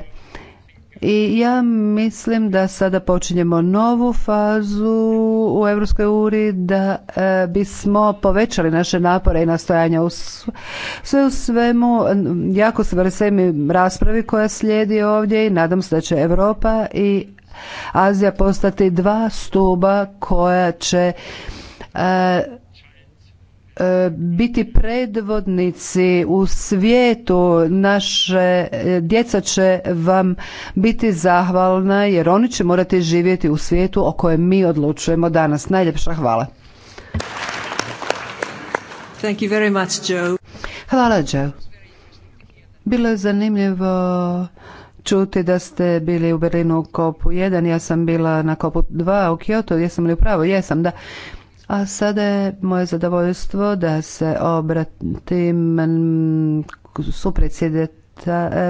I ja mislim da sada počinjemo novu fazu u Europskoj Uri da e, bismo povećali naše napore i nastojanja u sve u svemu. Jako se veselim raspravi koja slijedi ovdje i nadam se da će Europa i Azija postati dva stuba koja će e, E, biti predvodnici u svijetu. Naše e, djeca će vam biti zahvalna jer oni će morati živjeti u svijetu o kojem mi odlučujemo danas. Najljepša hvala. Thank you very much, Joe. Hvala, Joe. Bilo je zanimljivo čuti da ste bili u Berlinu u kopu 1, ja sam bila na kopu 2 u Kyoto, jesam li upravo? Jesam, da. A sada je moje zadovoljstvo da se obratim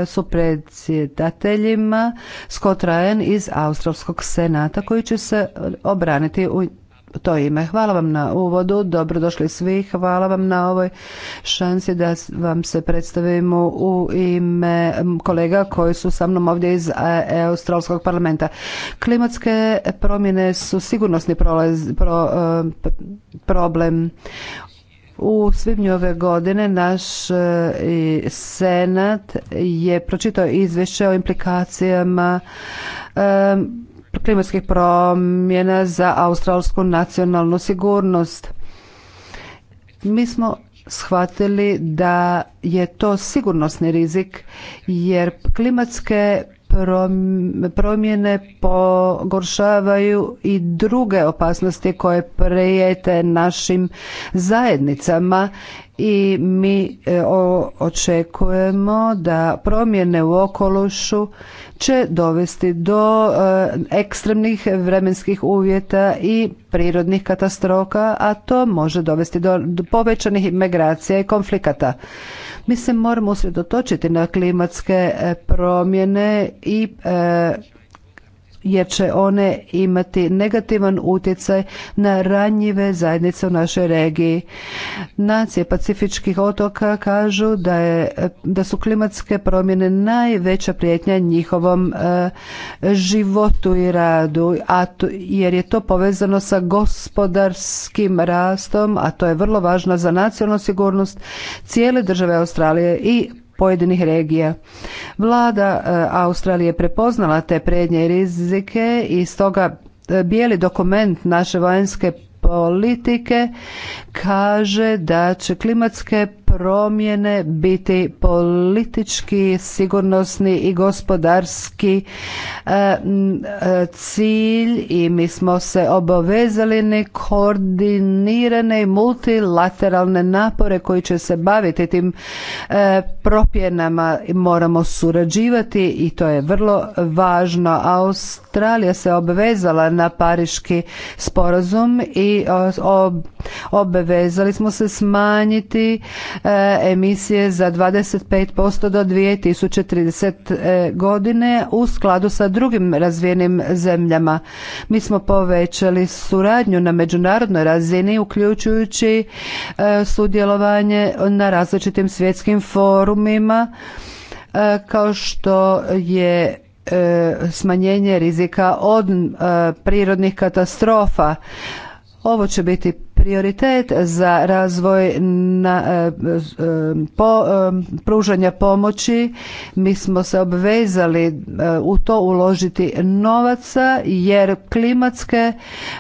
supredsjedateljima Scott Ryan iz Australskog senata koji će se obraniti u to ime. Hvala vam na uvodu, dobrodošli svi, hvala vam na ovoj šansi da vam se predstavimo u ime kolega koji su sa mnom ovdje iz e, Australskog parlamenta. Klimatske promjene su sigurnosni e, problem. U svibnju ove godine naš e, senat je pročitao izvješće o implikacijama klimatskih promjena za australsku nacionalnu sigurnost. Mi smo shvatili da je to sigurnosni rizik jer klimatske promjene pogoršavaju i druge opasnosti koje prijete našim zajednicama i mi e, očekujemo da promjene u okolišu će dovesti do eh, ekstremnih vremenskih uvjeta i prirodnih katastrofa, a to može dovesti do povećanih migracija i konflikata. Mi se moramo usredotočiti na klimatske eh, promjene i eh, jer će one imati negativan utjecaj na ranjive zajednice u našoj regiji. Nacije pacifičkih otoka kažu da, je, da su klimatske promjene najveća prijetnja njihovom e, životu i radu, a jer je to povezano sa gospodarskim rastom, a to je vrlo važno za nacionalnu sigurnost cijele države Australije i pojedinih regija. Vlada e, Australije prepoznala te prednje rizike i stoga e, bijeli dokument naše vanjske politike kaže da će klimatske promjene biti politički, sigurnosni i gospodarski e, e, cilj i mi smo se obavezali koordinirane i multilateralne napore koji će se baviti tim e, propjenama. Moramo surađivati i to je vrlo važno. Australija se obvezala na pariški sporazum i obvezali smo se smanjiti E, emisije za 25% do 2030. E, godine u skladu sa drugim razvijenim zemljama. Mi smo povećali suradnju na međunarodnoj razini uključujući e, sudjelovanje na različitim svjetskim forumima kao što je smanjenje rizika od prirodnih katastrofa. Ovo će biti prioritet za razvoj na, e, e, po, e, pružanja pomoći. Mi smo se obvezali u to uložiti novaca jer klimatske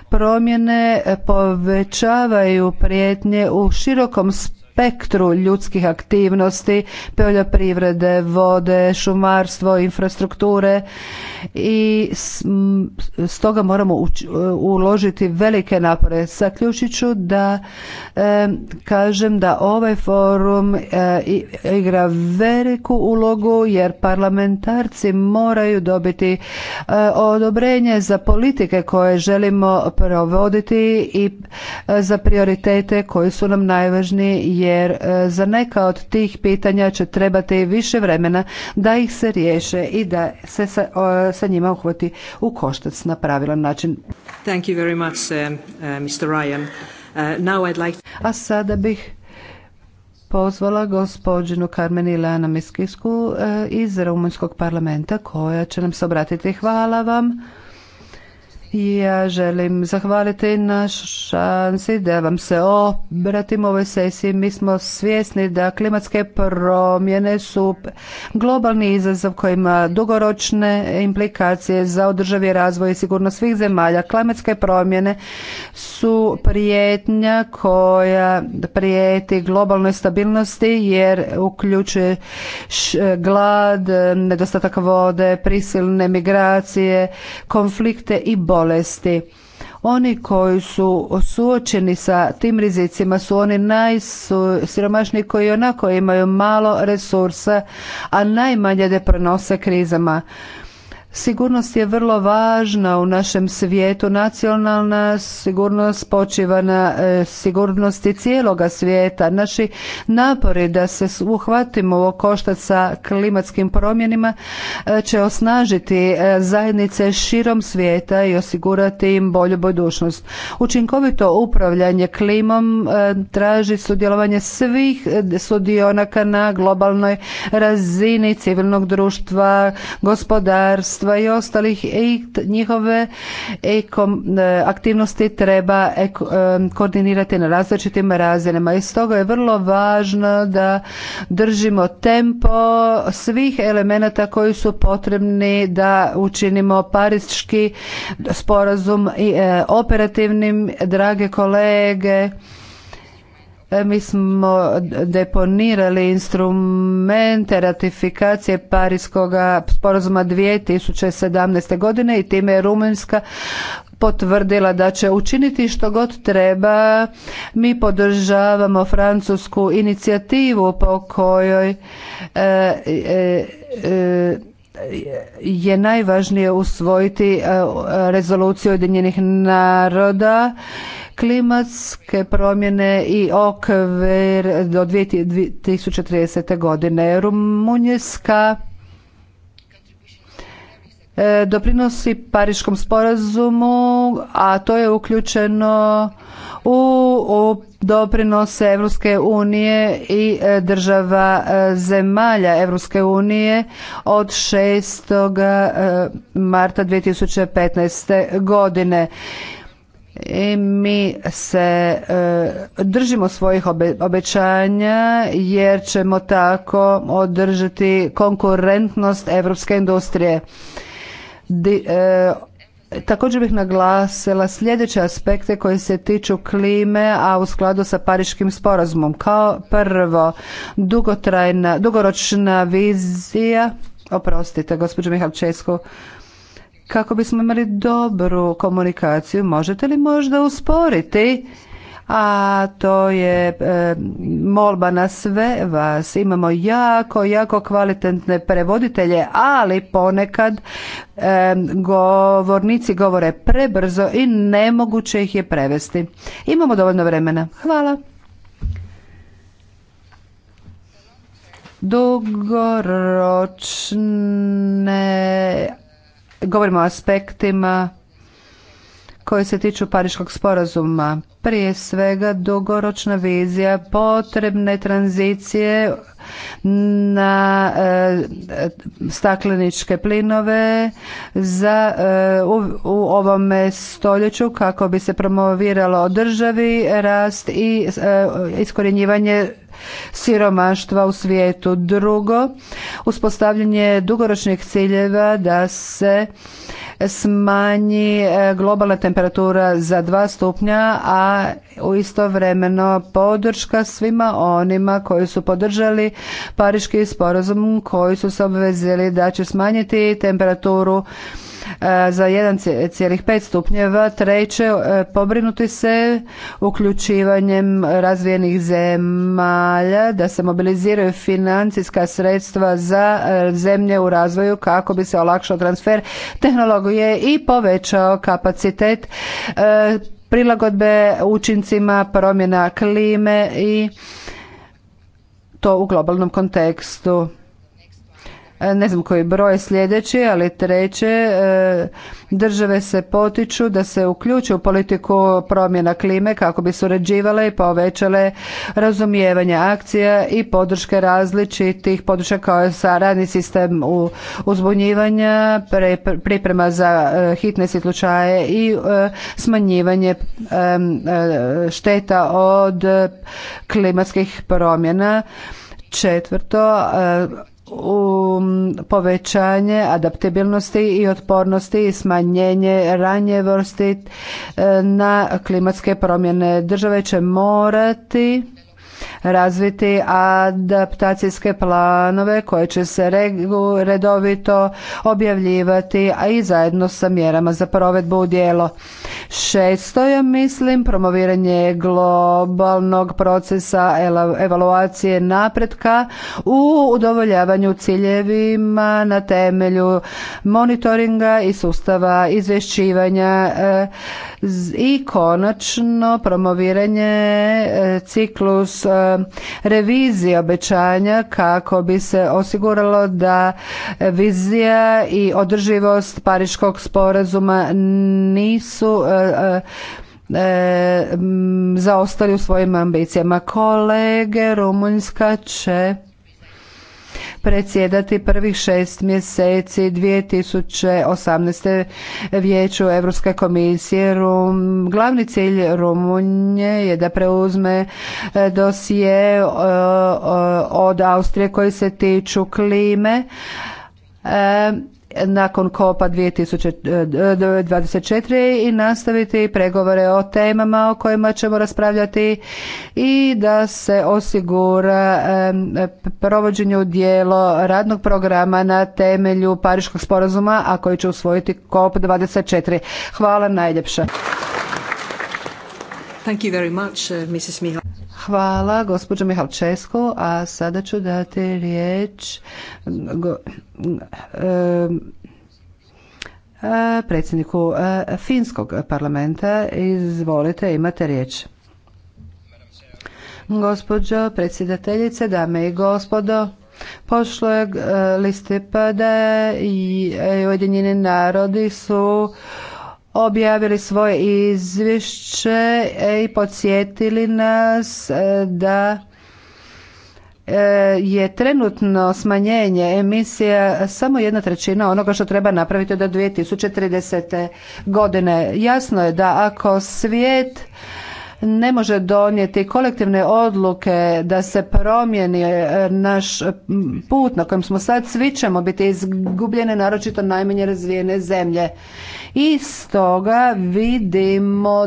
promjene povećavaju prijetnje u širokom spektru ljudskih aktivnosti, poljoprivrede, vode, šumarstvo, infrastrukture i stoga moramo e, uložiti velike napore. Zaključit ću da e, kažem da ovaj forum e, igra veliku ulogu jer parlamentarci moraju dobiti odobrenje za politike koje želimo provoditi i za prioritete koji su nam najvažniji jer za neka od tih pitanja će trebati više vremena da ih se riješe i da se sa, sa njima uhvati u koštac na pravilan način. Thank you very much, uh, uh, Mr. Ryan. Uh, now I'd like... A sada bih pozvala gospođinu Carmen Ilana Miskisku iz Rumunjskog parlamenta koja će nam se obratiti. Hvala vam. Ja želim zahvaliti na šansi da vam se obratim u ovoj sesiji. Mi smo svjesni da klimatske promjene su globalni izazov koji ima dugoročne implikacije za održavi razvoj i sigurnost svih zemalja. Klimatske promjene su prijetnja koja prijeti globalnoj stabilnosti jer uključuje glad, nedostatak vode, prisilne migracije, konflikte i bolje bolesti. Oni koji su suočeni sa tim rizicima su oni najsiromašniji koji onako imaju malo resursa, a najmanje da pronose krizama. Sigurnost je vrlo važna u našem svijetu. Nacionalna sigurnost počiva na e, sigurnosti cijeloga svijeta. Naši napori da se uhvatimo u koštac sa klimatskim promjenima e, će osnažiti e, zajednice širom svijeta i osigurati im bolju budućnost. Učinkovito upravljanje klimom traži sudjelovanje svih sudionaka na globalnoj razini civilnog društva, gospodarstva, i ostalih i njihove e, aktivnosti treba e, koordinirati na različitim razinama. I stoga je vrlo važno da držimo tempo svih elemenata koji su potrebni da učinimo pariški sporazum i e, operativnim. Drage kolege, E, mi smo deponirali instrumente ratifikacije Parijskog sporazuma 2017. godine i time je Rumunjska potvrdila da će učiniti što god treba. Mi podržavamo francusku inicijativu po kojoj e, e, je najvažnije usvojiti e, rezoluciju Ujedinjenih naroda klimatske promjene i okvir do 2030. godine. Rumunjska E, doprinosi Pariškom sporazumu, a to je uključeno u doprinose Evropske unije i e, država e, zemalja Evropske unije od 6. marta 2015. godine. I mi se držimo svojih obećanja jer ćemo tako održati konkurentnost europske industrije. E, također bih naglasila sljedeće aspekte koji se tiču klime, a u skladu sa Pariškim sporazumom. Kao prvo, dugotrajna, dugoročna vizija, oprostite, gospođo Mihalčesku, kako bismo imali dobru komunikaciju, možete li možda usporiti a to je e, molba na sve vas. Imamo jako, jako kvalitetne prevoditelje, ali ponekad e, govornici govore prebrzo i nemoguće ih je prevesti. Imamo dovoljno vremena. Hvala. Dugoročne govorimo o aspektima koje se tiču Pariškog sporazuma. Prije svega dugoročna vizija potrebne tranzicije na e, stakleničke plinove za e, u, ovome stoljeću kako bi se promoviralo državi, rast i e, iskorjenjivanje siromaštva u svijetu. Drugo, uspostavljanje dugoročnih ciljeva da se smanji e, globalna temperatura za dva stupnja, a u istovremeno podrška svima onima koji su podržali Pariški sporazum koji su se obvezili da će smanjiti temperaturu E, za 1,5 stupnjeva. Treće, e, pobrinuti se uključivanjem razvijenih zemalja da se mobiliziraju financijska sredstva za e, zemlje u razvoju kako bi se olakšao transfer tehnologije i povećao kapacitet prilagodbe učincima promjena klime i to u globalnom kontekstu. E, ne znam koji broj je sljedeći, ali treće, e, države se potiču da se uključe u politiku promjena klime kako bi surađivale i povećale razumijevanje akcija i podrške različitih područja kao sa radni sistem uzbunjivanja, priprema za e, hitne slučaje i smanjivanje šteta od klimatskih promjena. Četvrto, Um, povećanje adaptibilnosti i otpornosti i smanjenje ranjivosti eh, na klimatske promjene. Države će morati razviti adaptacijske planove koje će se redovito objavljivati, a i zajedno sa mjerama za provedbu u dijelo. Šesto je, mislim, promoviranje globalnog procesa evaluacije napretka u udovoljavanju ciljevima na temelju monitoringa i sustava izvješćivanja e, i konačno promoviranje e, ciklus E, revizije obećanja kako bi se osiguralo da vizija i održivost Pariškog sporazuma nisu e, e, zaostali u svojim ambicijama. Kolege Rumunjska će predsjedati prvih šest mjeseci 2018. vijeću Europske komisije. glavni cilj Rumunje je da preuzme e, dosije e, e, od Austrije koji se tiču klime nakon kopa 2024 i nastaviti pregovore o temama o kojima ćemo raspravljati i da se osigura provođenje dijelo radnog programa na temelju Pariškog sporazuma, a koji će usvojiti COP24. Hvala najljepša. Thank uh, Hvala gospođo Mihalčesko, a sada ću dati riječ e, predsjedniku e, finskog parlamenta. Izvolite, imate riječ. Gospođo predsjedateljice, dame i gospodo, Pošlo je e, listopada i Ujedinjeni narodi su objavili svoje izvješće i podsjetili nas e, da e, je trenutno smanjenje emisija samo jedna trećina onoga što treba napraviti do 2030. godine. Jasno je da ako svijet ne može donijeti kolektivne odluke da se promijeni e, naš e, put na kojem smo sad, svi ćemo biti izgubljene, naročito najmanje razvijene zemlje. I stoga vidimo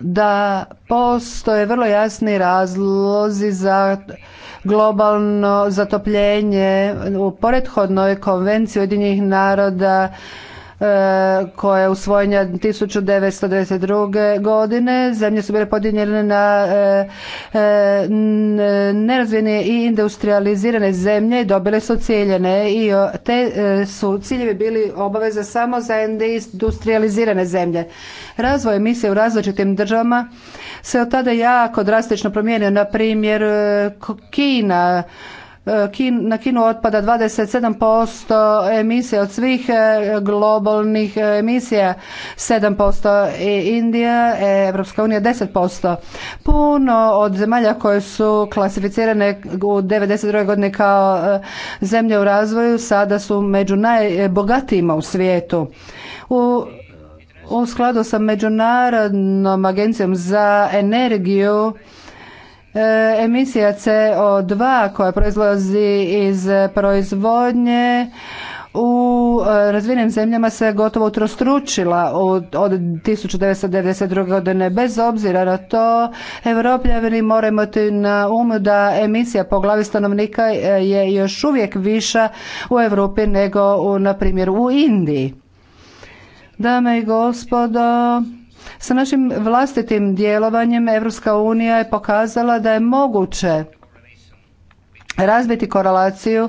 da postoje vrlo jasni razlozi za globalno zatopljenje u prethodnoj konvenciji Ujedinjenih naroda E, koja je usvojena 1992. godine. Zemlje su bile podijeljene na e, e, nerazvijene i industrializirane zemlje i dobile su ciljene i te su ciljevi bili obaveze samo za industrializirane zemlje. Razvoj emisije u različitim državama se od tada jako drastično promijenio. Na primjer, Kina na Kinu otpada 27% emisija od svih e, globalnih emisija, 7% Indija, e, Evropska unija 10%. Puno od zemalja koje su klasificirane u 92. godine kao e, zemlje u razvoju sada su među najbogatijima u svijetu. U u skladu sa Međunarodnom agencijom za energiju E, emisija CO2 koja proizlazi iz proizvodnje u e, razvijenim zemljama se gotovo utrostručila od, od 1992. godine. Bez obzira na to, evropljavini moraju imati na umu da emisija po glavi stanovnika e, je još uvijek viša u Europi nego, u, na primjer, u Indiji. Dame i gospodo, sa našim vlastitim djelovanjem Europska unija je pokazala da je moguće razbiti korelaciju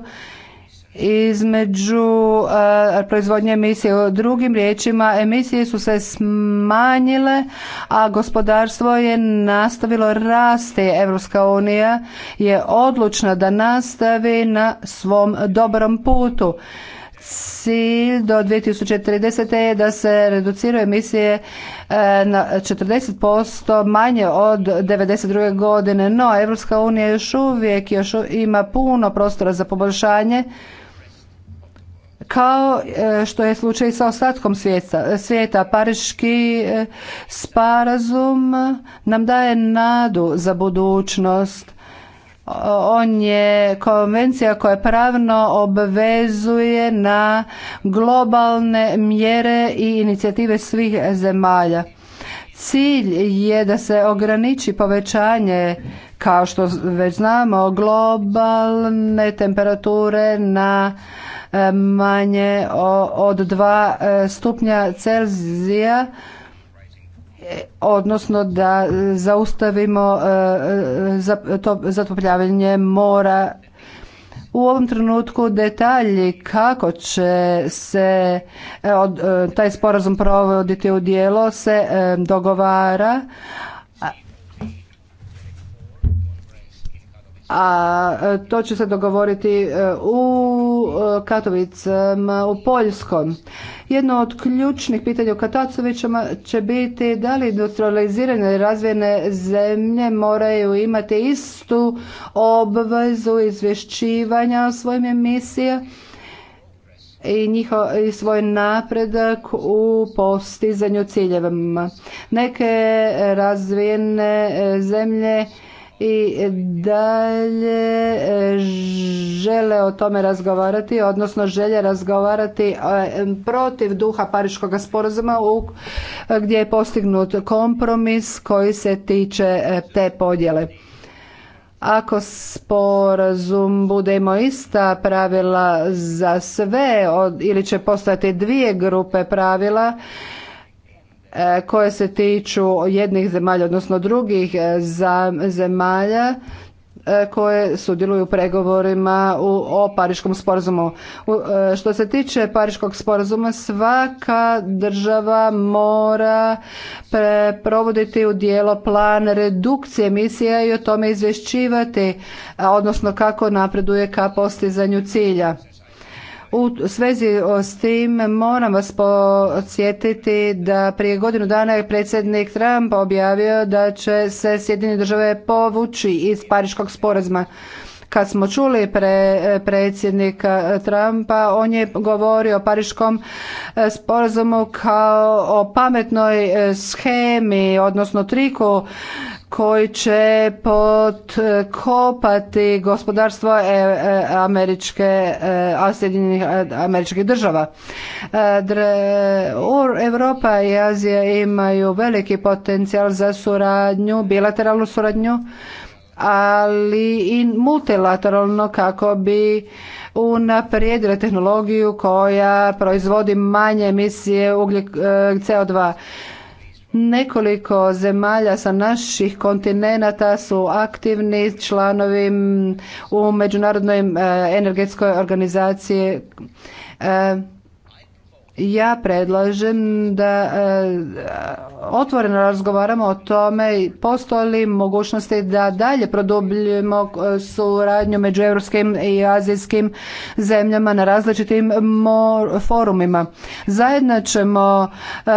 između e, proizvodnje emisije. Drugim riječima, emisije su se smanjile, a gospodarstvo je nastavilo rasti. Evropska unija je odlučna da nastavi na svom dobrom putu cilj do 2030. je da se reduciraju emisije e, na 40% manje od 1992. godine, no Evropska unija još uvijek ima puno prostora za poboljšanje kao e, što je slučaj sa ostatkom svijeta. svijeta Pariški e, sparazum nam daje nadu za budućnost on je konvencija koja pravno obvezuje na globalne mjere i inicijative svih zemalja. Cilj je da se ograniči povećanje, kao što već znamo, globalne temperature na e, manje od 2 e, stupnja Celzija odnosno da zaustavimo e, e, zatopljavanje mora. U ovom trenutku detalji kako će se e, taj sporazum provoditi u dijelo se dogovara, a to će se dogovoriti u Katovicama u Poljskom jedno od ključnih pitanja u Katacovićama će biti da li industrializirane razvijene zemlje moraju imati istu obvezu izvješćivanja o svojim emisijama i, njiho, i svoj napredak u postizanju ciljevima. Neke razvijene e, zemlje i dalje e, žele o tome razgovarati, odnosno želje razgovarati e, protiv duha Pariškog sporazuma e, gdje je postignut kompromis koji se tiče te podjele. Ako sporazum bude imao ista pravila za sve ili će postati dvije grupe pravila, koje se tiču jednih zemalja, odnosno drugih e, zemalja e, koje sudjeluju u pregovorima u, o Pariškom sporazumu. E, što se tiče Pariškog sporazuma, svaka država mora provoditi u dijelo plan redukcije emisija i o tome izvješćivati, odnosno kako napreduje ka postizanju cilja. U svezi e, s tim moram vas podsjetiti da prije godinu dana je predsjednik Trump objavio da će se Sjedinjene države povući iz Pariškog sporazuma. Kad smo čuli pre, e, predsjednika Trumpa, on je govorio o Pariškom e, sporazumu kao o pametnoj schemi, odnosno triku koji će potkopati gospodarstvo e, e, američke, e, Sjedinjenih američkih država. Europa i Azija imaju veliki potencijal za suradnju, bilateralnu suradnju, ali i multilateralno kako bi unaprijedile tehnologiju koja proizvodi manje emisije ugljik CO2. Nekoliko zemalja sa naših kontinenata su aktivni članovi u Međunarodnoj e, energetskoj organizaciji e, ja predlažem da eh, otvoreno razgovaramo o tome postoje li mogućnosti da dalje produbljimo eh, suradnju među europskim i azijskim zemljama na različitim forumima. Zajedno ćemo eh,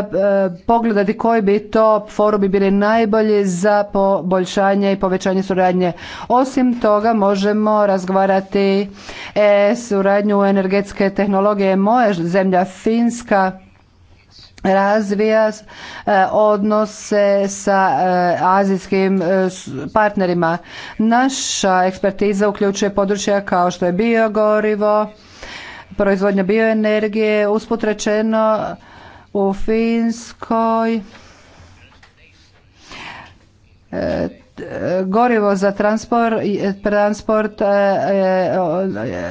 pogledati koji bi to forumi bili najbolji za poboljšanje i povećanje suradnje. Osim toga možemo razgovarati e, suradnju energetske tehnologije. Moja zemlja Fin Finska razvija e, odnose sa e, azijskim e, partnerima. Naša ekspertiza uključuje područja kao što je biogorivo, proizvodnja bioenergije, usput rečeno u Finskoj gorivo za transport, transport e,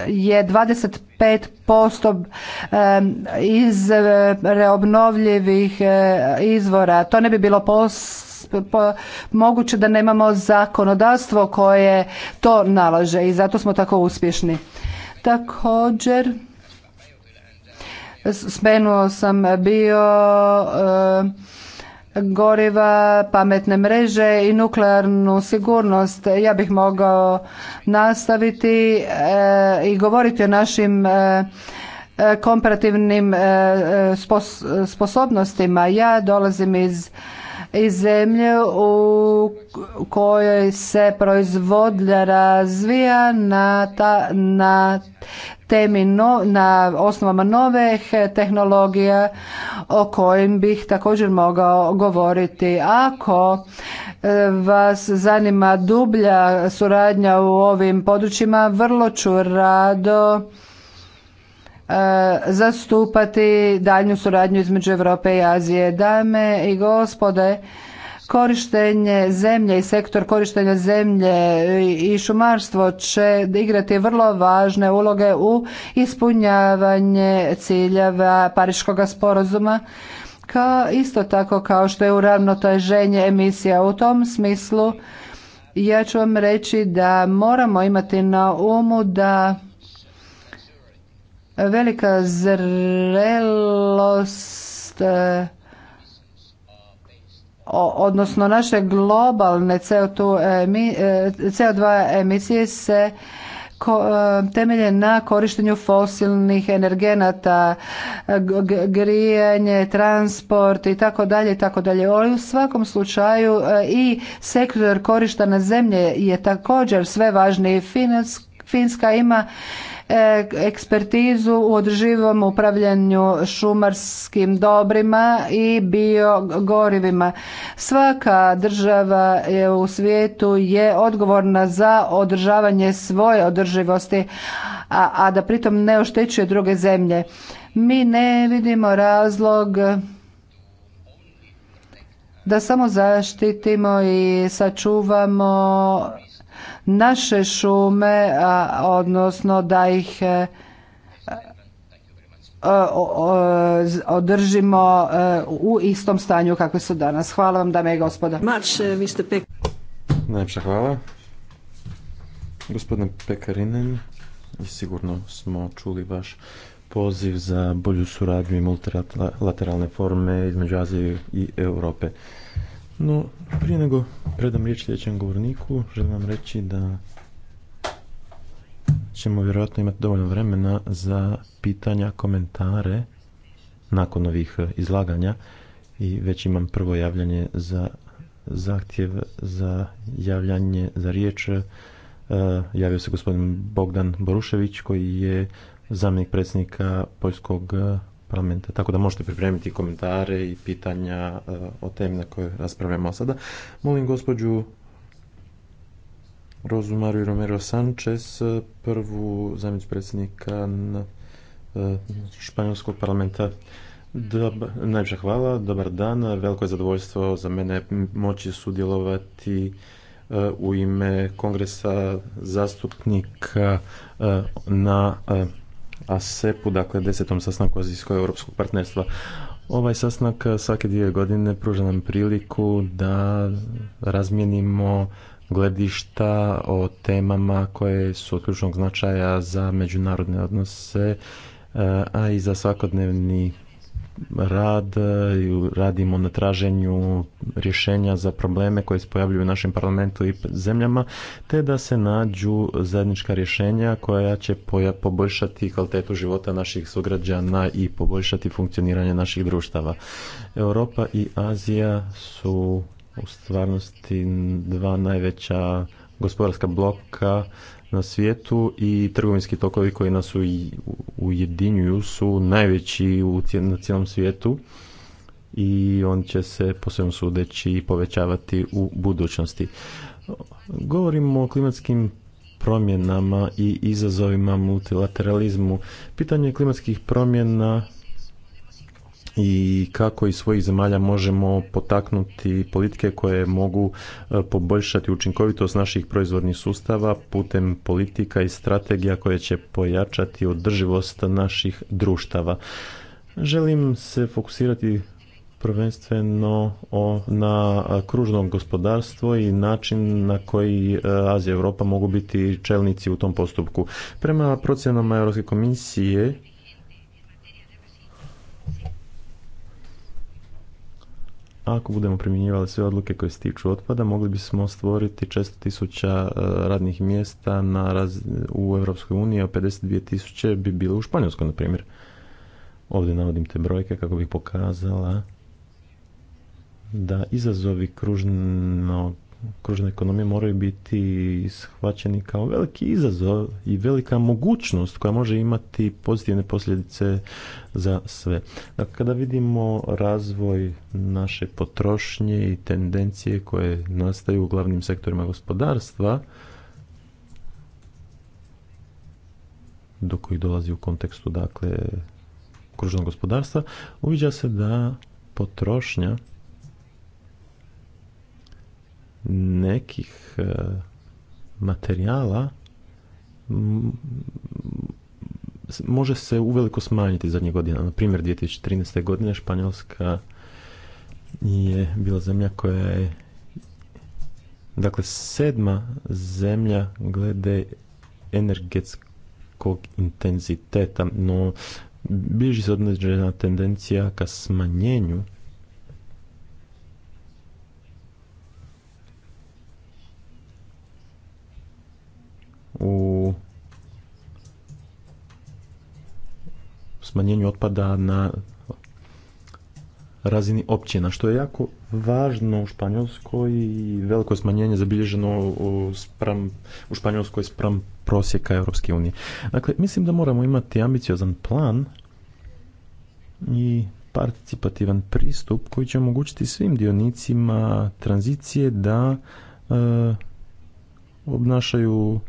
je 25% e, iz reobnovljivih e, izvora. To ne bi bilo moguće da nemamo zakonodavstvo koje to nalaže i zato smo tako uspješni. Također spomenuo sam bio goriva, pametne mreže i nuklearnu sigurnost. Ja bih mogao nastaviti eh, i govoriti o našim eh, eh, komparativnim sposobnostima. Ja dolazim iz zemlje u kojoj se proizvodnja razvija na temi na osnovama novih tehnologija o kojim bih također mogao govoriti. Ako e, vas zanima dublja suradnja u ovim područjima, vrlo ću rado e, zastupati daljnju suradnju između Europe i Azije. Dame i gospode, korištenje zemlje i sektor korištenja zemlje i šumarstvo će igrati vrlo važne uloge u ispunjavanje ciljeva Pariškog sporazuma kao isto tako kao što je uravnoteženje emisija u tom smislu ja ću vam reći da moramo imati na umu da velika zrelost odnosno naše globalne CO2 e, e, emisije se e, temelje na korištenju fosilnih energenata, grijanje, transport i tako dalje i tako dalje. U svakom slučaju i sektor korištena zemlje je također sve važniji. Finanski Finska ima e, ekspertizu u održivom upravljanju šumarskim dobrima i biogorivima. Svaka država u svijetu je odgovorna za održavanje svoje održivosti, a, a da pritom ne oštećuje druge zemlje. Mi ne vidimo razlog da samo zaštitimo i sačuvamo naše šume, odnosno da ih e, e, održimo e, u istom stanju kako su danas. Hvala vam dame i gospoda. Najpša hvala. Gospodine Pekarinen, sigurno smo čuli vaš poziv za bolju suradnju i multilateralne forme između Azije i Europe. No, prije nego predam riječ sljedećem govorniku, želim vam reći da ćemo vjerojatno imati dovoljno vremena za pitanja, komentare nakon ovih eh, izlaganja i već imam prvo javljanje za zahtjev za javljanje za riječ. Eh, javio se gospodin Bogdan Borušević koji je zamjenik predsjednika Poljskog eh, parlamenta, tako da možete pripremiti komentare i pitanja eh, o temi na kojoj raspravljamo sada. Molim gospođu Rozu Mariju Romero Sanchez, eh, prvu zamjenicu predsjednika eh, Španjolskog parlamenta. Najviše hvala, dobar dan, veliko je zadovoljstvo za mene moći sudjelovati u ime kongresa zastupnika na ASEP-u, dakle desetom sastanku Azijsko-europskog partnerstva. Ovaj sastanak eh, svake dvije godine pruža nam priliku da razmijenimo gledišta o temama koje su od ključnog značaja za međunarodne odnose, eh, a i za svakodnevni rad i radimo na traženju rješenja za probleme koje se pojavljuju u našem parlamentu i zemljama, te da se nađu zajednička rješenja koja će poboljšati kvalitetu života naših sugrađana i poboljšati funkcioniranje naših društava. Europa i Azija su u stvarnosti dva najveća gospodarska bloka na svijetu i trgovinski tokovi koji nas ujedinjuju su najveći na cijelom svijetu i on će se po svemu sudeći povećavati u budućnosti. Govorimo o klimatskim promjenama i izazovima multilateralizmu. Pitanje klimatskih promjena i kako iz svojih zemalja možemo potaknuti politike koje mogu e, poboljšati učinkovitost naših proizvodnih sustava putem politika i strategija koje će pojačati održivost naših društava. Želim se fokusirati prvenstveno o, na kružno gospodarstvo i način na koji e, Azija i Europa mogu biti čelnici u tom postupku. Prema procjenama Europske komisije ako budemo primjenjivali sve odluke koje se tiču otpada, mogli bismo stvoriti tisuća e, radnih mjesta na raz... u Europskoj uniji, a 52.000 bi bilo u Španjolskoj, na primjer. Ovdje navodim te brojke kako bih pokazala da izazovi kružnog kružne ekonomije moraju biti shvaćeni kao veliki izazov i velika mogućnost koja može imati pozitivne posljedice za sve. Dakle, kada vidimo razvoj naše potrošnje i tendencije koje nastaju u glavnim sektorima gospodarstva, do kojih dolazi u kontekstu dakle kružnog gospodarstva, uviđa se da potrošnja nekih e, materijala može se uveliko smanjiti zadnje godina. Na primjer, 2013. godine Španjolska je bila zemlja koja je dakle sedma zemlja glede energetskog intenziteta, no bliži se određena tendencija ka smanjenju u smanjenju otpada na razini općina, što je jako važno u Španjolskoj i veliko je smanjenje zabilježeno u, u Španjolskoj spram prosjeka Europske unije. Dakle, mislim da moramo imati ambiciozan plan i participativan pristup koji će omogućiti svim dionicima tranzicije da e, obnašaju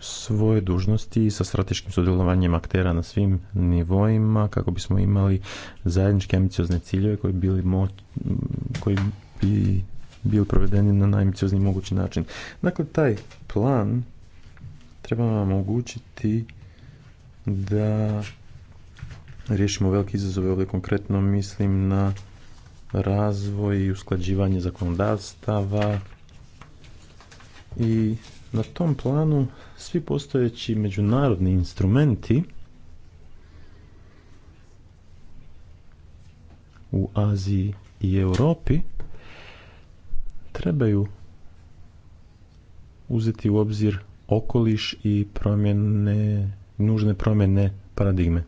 svoje dužnosti i sa strateškim sudjelovanjem aktera na svim nivoima kako bismo imali zajedničke ambiciozne ciljeve koji bi bili koji bi bili provedeni na najambiciozniji mogući način. Dakle, taj plan treba nam omogućiti da riješimo velike izazove. Ovdje konkretno mislim na razvoj i usklađivanje zakonodavstava i na tom planu svi postojeći međunarodni instrumenti u Aziji i Europi trebaju uzeti u obzir okoliš i promjene, nužne promjene paradigme.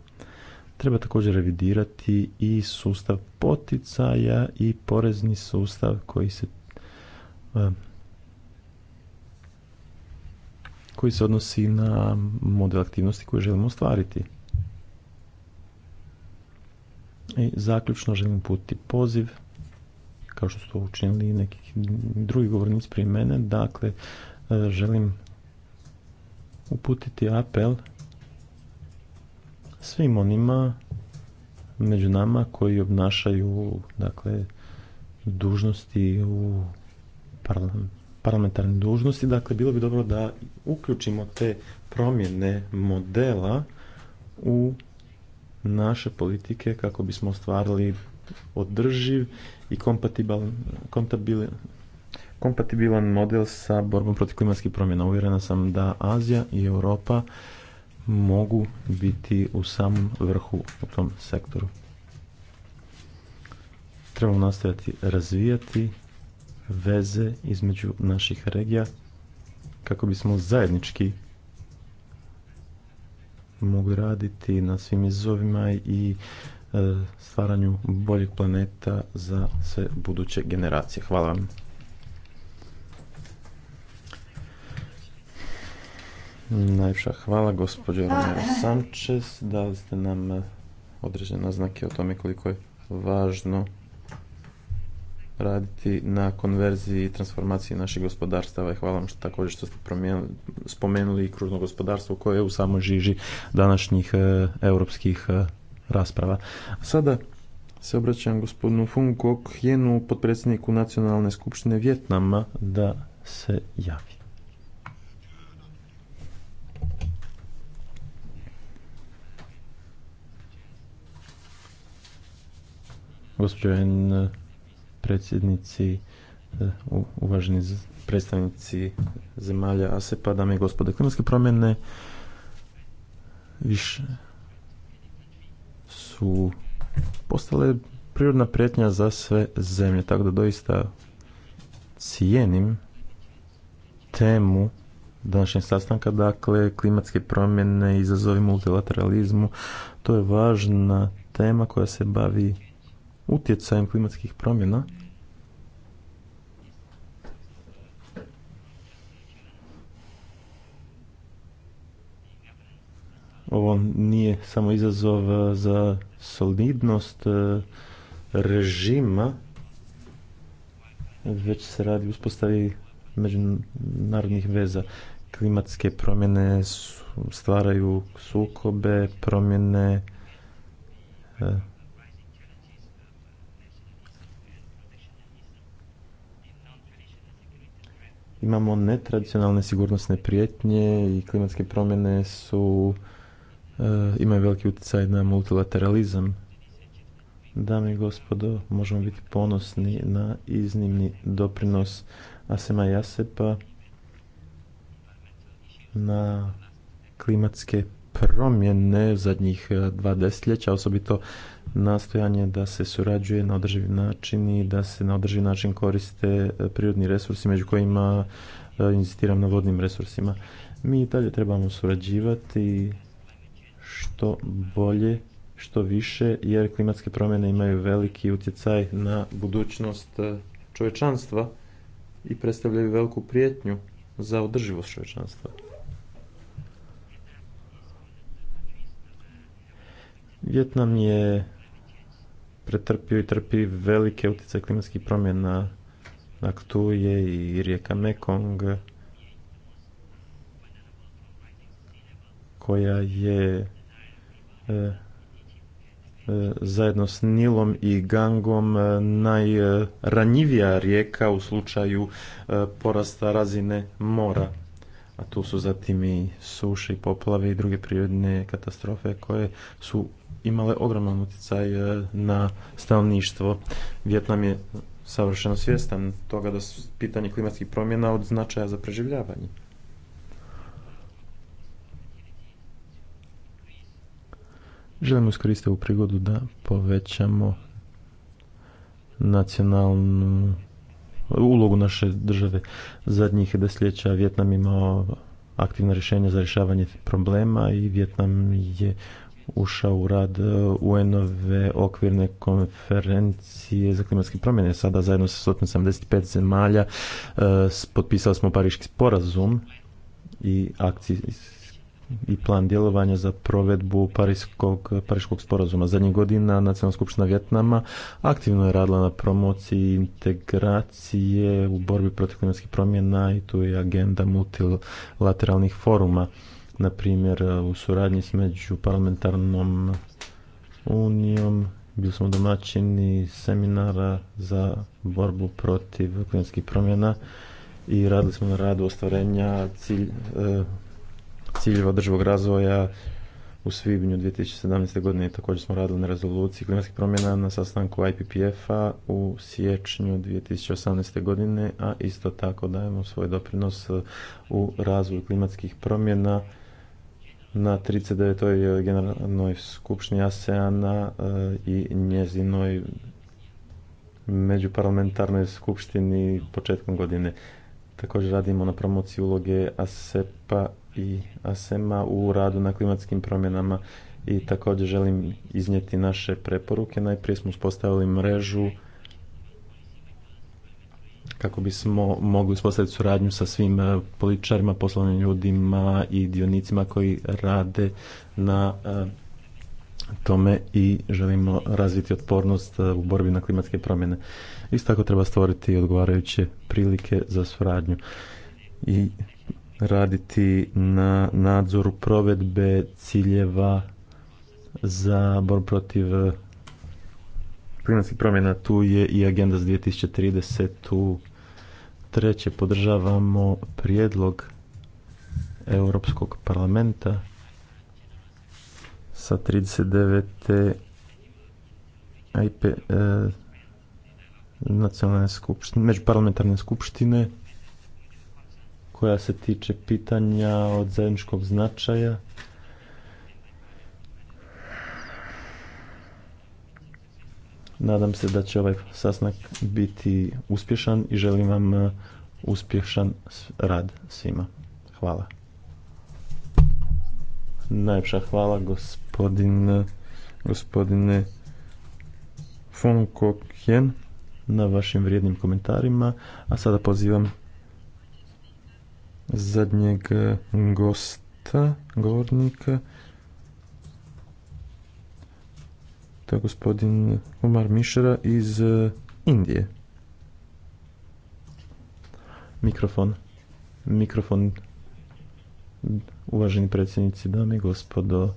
Treba također revidirati i sustav poticaja i porezni sustav koji se koji se odnosi na model aktivnosti koji želimo ostvariti. I zaključno želim uputiti poziv, kao što su to učinili neki drugi govornici prije mene, dakle e, želim uputiti apel svim onima među nama koji obnašaju dakle dužnosti u parlamentu parlamentarne dužnosti, dakle bilo bi dobro da uključimo te promjene modela u naše politike kako bismo ostvarili održiv i kompatibilan, kompatibilan, model sa borbom protiv klimatskih promjena. Uvjerena sam da Azija i Europa mogu biti u samom vrhu u tom sektoru. Trebamo nastaviti razvijati veze između naših regija kako bismo zajednički mogli raditi na svim izazovima i e, stvaranju boljeg planeta za sve buduće generacije. Hvala vam. Najljepša hvala gospođo Romero Sanchez. Dali ste nam određene naznake o tome koliko je važno raditi na konverziji i transformaciji naših gospodarstava i hvala vam što također što ste spomenuli i kružno gospodarstvo koje je u samoj žiži današnjih e, europskih e, rasprava. Sada se obraćam gospodinu Fung Kok Hienu, potpredsjedniku Nacionalne skupštine Vjetnama, da se javi predsjednici, e, uvaženi predstavnici zemalja ASEPA, dame i gospode. Klimatske promjene više su postale prirodna prijetnja za sve zemlje, tako da doista cijenim temu današnjeg sastanka, dakle klimatske promjene, izazovi multilateralizmu, to je važna tema koja se bavi utjecajem klimatskih promjena ovo nije samo izazov e, za solidnost e, režima, već se radi uspostavi međunarodnih veza. Klimatske promjene stvaraju sukobe, promjene e, imamo netradicionalne sigurnosne prijetnje i klimatske promjene su e, imaju veliki utjecaj na multilateralizam. Dame i gospodo, možemo biti ponosni na iznimni doprinos Asema Jasepa na klimatske promjene zadnjih e, dva desetljeća, osobito nastojanje da se surađuje na održivi način i da se na održivi način koriste e, prirodni resursi među kojima e, inzistiram na vodnim resursima. Mi i dalje trebamo surađivati što bolje, što više, jer klimatske promjene imaju veliki utjecaj na budućnost e, čovečanstva i predstavljaju veliku prijetnju za održivost čovječanstva. Vjetnam je pretrpio i trpi velike utjecaje klimatskih promjena. na dakle, tu je i rijeka Mekong, koja je e, e, zajedno s Nilom i Gangom e, najranjivija rijeka u slučaju porasta razine mora a tu su zatim i suše i poplave i druge prirodne katastrofe koje su imale ogroman utjecaj e, na stanovništvo. Vjetnam je savršeno svjestan toga da su pitanje klimatskih promjena od značaja za preživljavanje. Želimo iskoristiti ovu prigodu da povećamo nacionalnu ulogu naše države. Zadnjih desetljeća Vjetnam imao aktivna rješenja za rješavanje problema i Vjetnam je ušao u rad UN-ove okvirne konferencije za klimatske promjene. Sada zajedno sa 175 zemalja eh, potpisali smo Pariški sporazum i akcije i plan djelovanja za provedbu Pariškog, sporazuma. Zadnjih godina Nacionalna skupština Vjetnama aktivno je radila na promociji integracije u borbi protiv klimatskih promjena i tu je agenda multilateralnih foruma. Na primjer, u suradnji s međuparlamentarnom unijom bili smo domaćini seminara za borbu protiv klimatskih promjena i radili smo na radu ostvarenja cilj, e, ciljeva održivog razvoja u svibnju 2017. godine također smo radili na rezoluciji klimatskih promjena na sastanku IPPF-a u siječnju 2018. godine, a isto tako dajemo svoj doprinos u razvoju klimatskih promjena na 39. generalnoj skupštini ASEANA eh, i njezinoj međuparlamentarnoj skupštini početkom godine. Također radimo na promociji uloge ASEPA i ASEMA u radu na klimatskim promjenama i također želim iznijeti naše preporuke. Najprije smo uspostavili mrežu kako bismo mogli uspostaviti suradnju sa svim e, političarima, poslovnim ljudima i dionicima koji rade na e, tome i želimo razviti otpornost e, u borbi na klimatske promjene. Isto tako treba stvoriti odgovarajuće prilike za suradnju. I raditi na nadzoru provedbe ciljeva za borbu protiv eh, klimatskih promjena. Tu je i agenda za 2030. Tu treće podržavamo prijedlog Europskog parlamenta sa 39. IP, eh, nacionalne skupštine, međuparlamentarne skupštine koja se tiče pitanja od zajedničkog značaja. Nadam se da će ovaj sasnak biti uspješan i želim vam e, uspješan rad svima. Hvala. Najljepša hvala e, gospodine von na vašim vrijednim komentarima, a sada pozivam zadnjeg e, gosta, govornika. To je gospodin Umar Mišera iz e, Indije. Mikrofon. Mikrofon. Uvaženi predsjednici, dame i gospodo,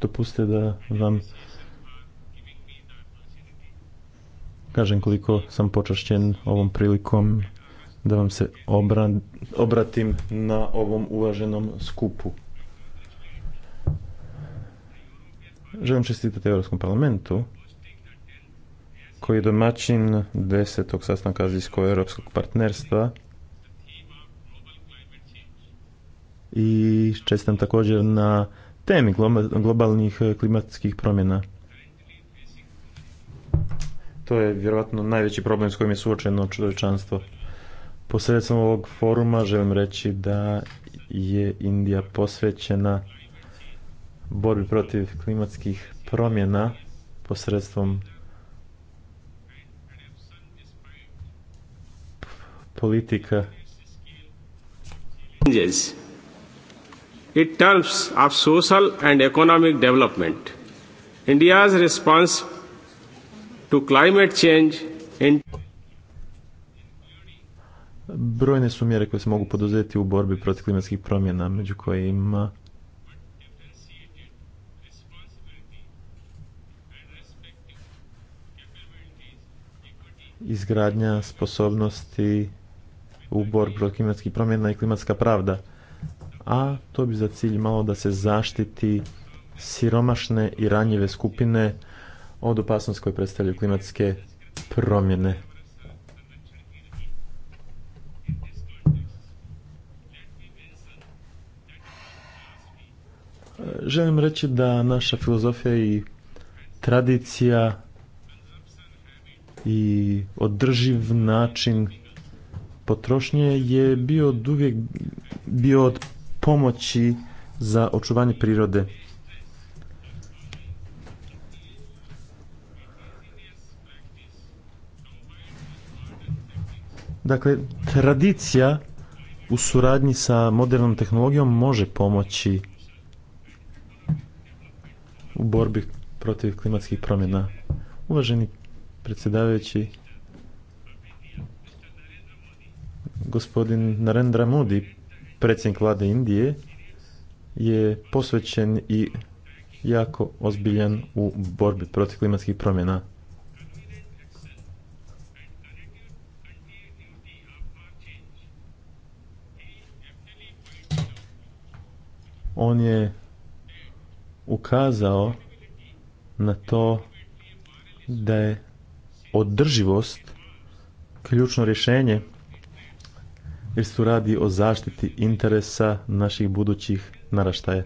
dopustite da vam kažem koliko sam počašćen ovom prilikom da vam se obratim na ovom uvaženom skupu. Želim čestitati Europskom parlamentu koji je domaćin desetog sastanka Azijskog europskog partnerstva i čestam također na temi globalnih eh, klimatskih promjena. To je vjerojatno najveći problem s kojim je suočeno čovječanstvo. Posredstvom ovog foruma želim reći da je Indija posvećena borbi protiv klimatskih promjena posredstvom politika. Yes in terms of social and economic development. India's response to climate change in Brojne su mjere koje se mogu poduzeti u borbi protiv klimatskih promjena, među kojima izgradnja sposobnosti u borbi protiv klimatskih promjena i klimatska pravda a to bi za cilj malo da se zaštiti siromašne i ranjive skupine od opasnosti koje predstavljaju klimatske promjene. Želim reći da naša filozofija i tradicija i održiv način potrošnje je bio od uvijek bio od pomoći za očuvanje prirode. Dakle, tradicija u suradnji sa modernom tehnologijom može pomoći u borbi protiv klimatskih promjena. Uvaženi predsjedavajući, gospodin Narendra Modi predsjednik vlade Indije je posvećen i jako ozbiljan u borbi protiv klimatskih promjena. On je ukazao na to da je održivost ključno rješenje jer se radi o zaštiti interesa naših budućih naraštaja.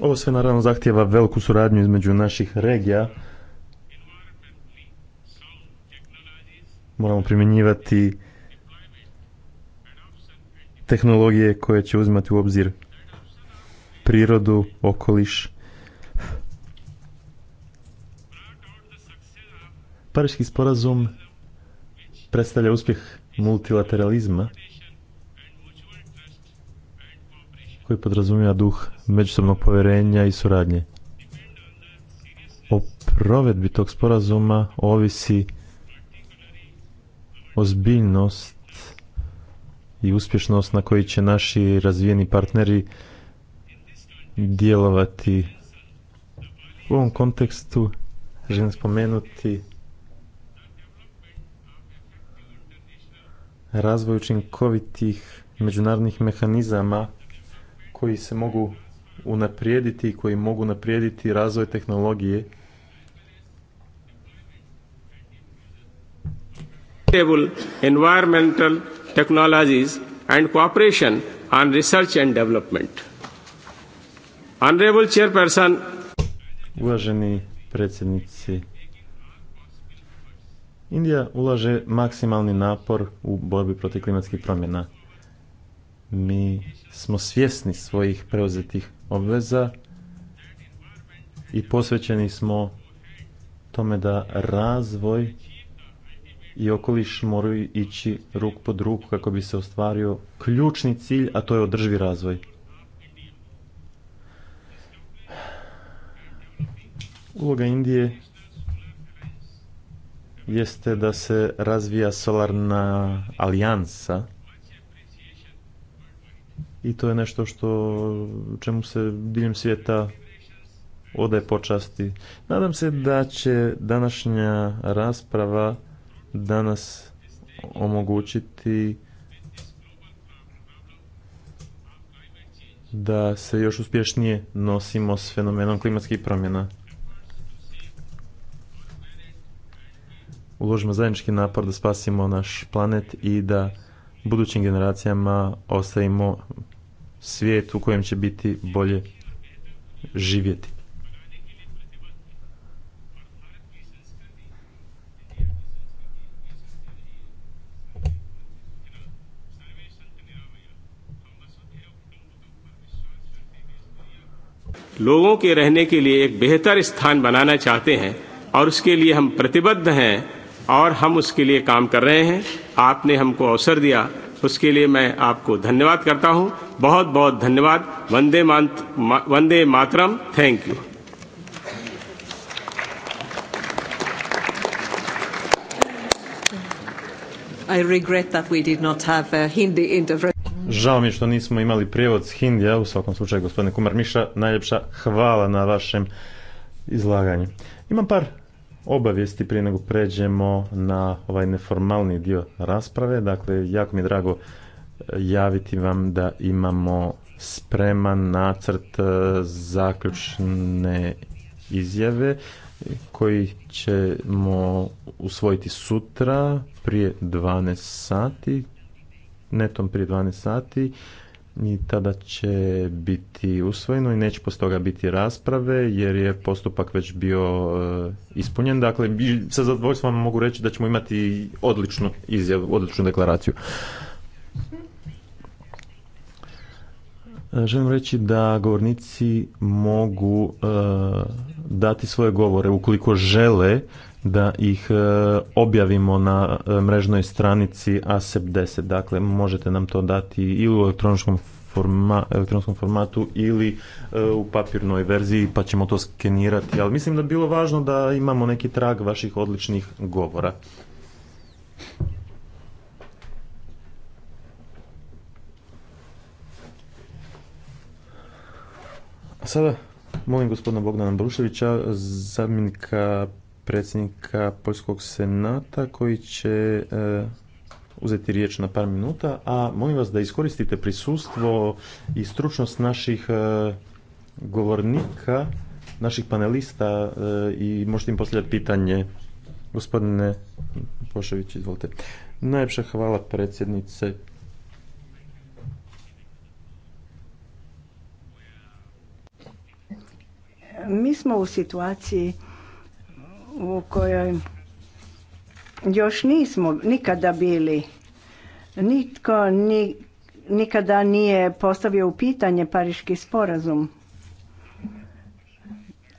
Ovo sve naravno zahtjeva veliku suradnju između naših regija. Moramo primjenjivati tehnologije koje će uzimati u obzir prirodu, okoliš. Pariški sporazum predstavlja uspjeh multilateralizma koji podrazumijeva duh međusobnog povjerenja i suradnje. O provedbi tog sporazuma ovisi ozbiljnost i uspješnost na koji će naši razvijeni partneri djelovati. U ovom kontekstu želim spomenuti razvoj učinkovitih međunarodnih mehanizama koji se mogu unaprijediti i koji mogu unaprijediti razvoj tehnologije. environmental technologies and cooperation on research and development. Honorable Uvaženi predsjednici, Indija ulaže maksimalni napor u borbi protiv klimatskih promjena. Mi smo svjesni svojih preuzetih obveza i posvećeni smo tome da razvoj i okoliš moraju ići ruk pod ruku kako bi se ostvario ključni cilj, a to je održivi razvoj. Uloga Indije jeste da se razvija solarna alijansa i to je nešto što čemu se diljem svijeta odaje počasti. Nadam se da će današnja rasprava danas omogućiti da se još uspješnije nosimo s fenomenom klimatskih promjena. uložimo zajednički napor da spasimo naš planet i da budućim generacijama ostavimo svijet u kojem će biti bolje živjeti. लोगों के रहने के लिए एक बेहतर स्थान बनाना चाहते हैं और उसके लिए हम प्रतिबद्ध हैं और हम उसके लिए काम कर रहे हैं आपने हमको अवसर दिया उसके लिए मैं आपको धन्यवाद करता हूं बहुत बहुत धन्यवाद वंदे मा, Vande Mataram thank you I regret that we did not have a uh, Hindi interpreter. Žao mi je što nismo imali prijevod s Hindija, u svakom slučaju gospodine Kumar Miša, najljepša hvala na vašem izlaganju. Imam par obavijesti prije nego pređemo na ovaj neformalni dio rasprave. Dakle, jako mi je drago eh, javiti vam da imamo spreman nacrt eh, zaključne izjave koji ćemo usvojiti sutra prije 12 sati, netom prije 12 sati i tada će biti usvojeno i neće postoga toga biti rasprave jer je postupak već bio e, ispunjen. Dakle, sa zadovoljstvom mogu reći da ćemo imati odličnu izjavu, odličnu deklaraciju. E, želim reći da govornici mogu e, dati svoje govore ukoliko žele da ih e, objavimo na e, mrežnoj stranici ASEP10. E dakle, možete nam to dati ili u elektroničkom elektronskom formatu ili u papirnoj verziji pa ćemo to skenirati, ali mislim da bi bilo važno da imamo neki trag vaših odličnih govora. A sada molim gospodina Bogdana Bruševića, zamjenika predsjednika Poljskog senata koji će eh, uzeti riječ na par minuta, a molim vas da iskoristite prisustvo i stručnost naših eh, govornika, naših panelista eh, i možete im postavljati pitanje. Gospodine Pošević, izvolite. Najljepša hvala predsjednice. Mi smo u situaciji u kojoj još nismo nikada bili. Nitko nikada nije postavio u pitanje Pariški sporazum.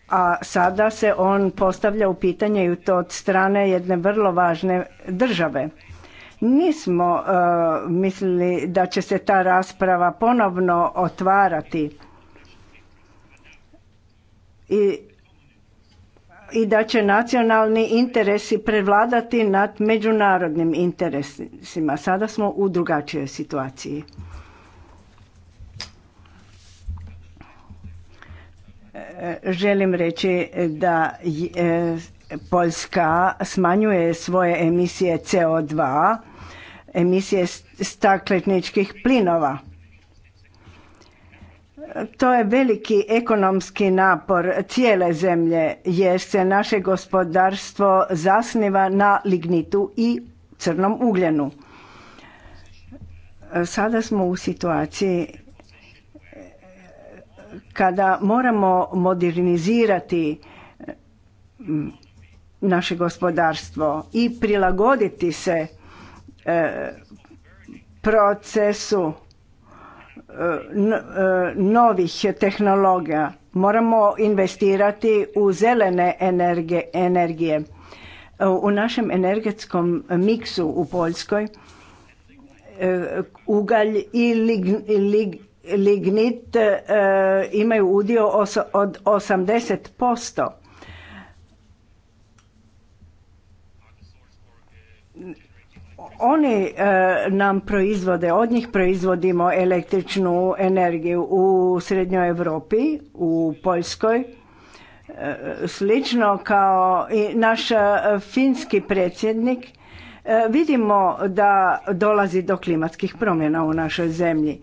A sada se on postavlja u pitanje i to od strane jedne vrlo važne države. Nismo e, mislili da će se ta rasprava ponovno otvarati. I i da će nacionalni interesi prevladati nad međunarodnim interesima. Sada smo u drugačijoj situaciji. E, želim reći da e, Poljska smanjuje svoje emisije CO2, emisije stakleničkih plinova to je veliki ekonomski napor cijele zemlje jer se naše gospodarstvo zasniva na lignitu i crnom ugljenu. Sada smo u situaciji eh, kada moramo modernizirati mm, naše gospodarstvo i prilagoditi se eh, procesu E, novih tehnologija. Moramo investirati u zelene energije. E, u našem energetskom miksu u Poljskoj e, ugalj i lignit imaju udio od 80%. Oni e, nam proizvode, od njih proizvodimo električnu energiju u Srednjoj Europi, u Poljskoj. E, slično kao i naš e, finski predsjednik, vidimo da dolazi do klimatskih promjena u našoj zemlji.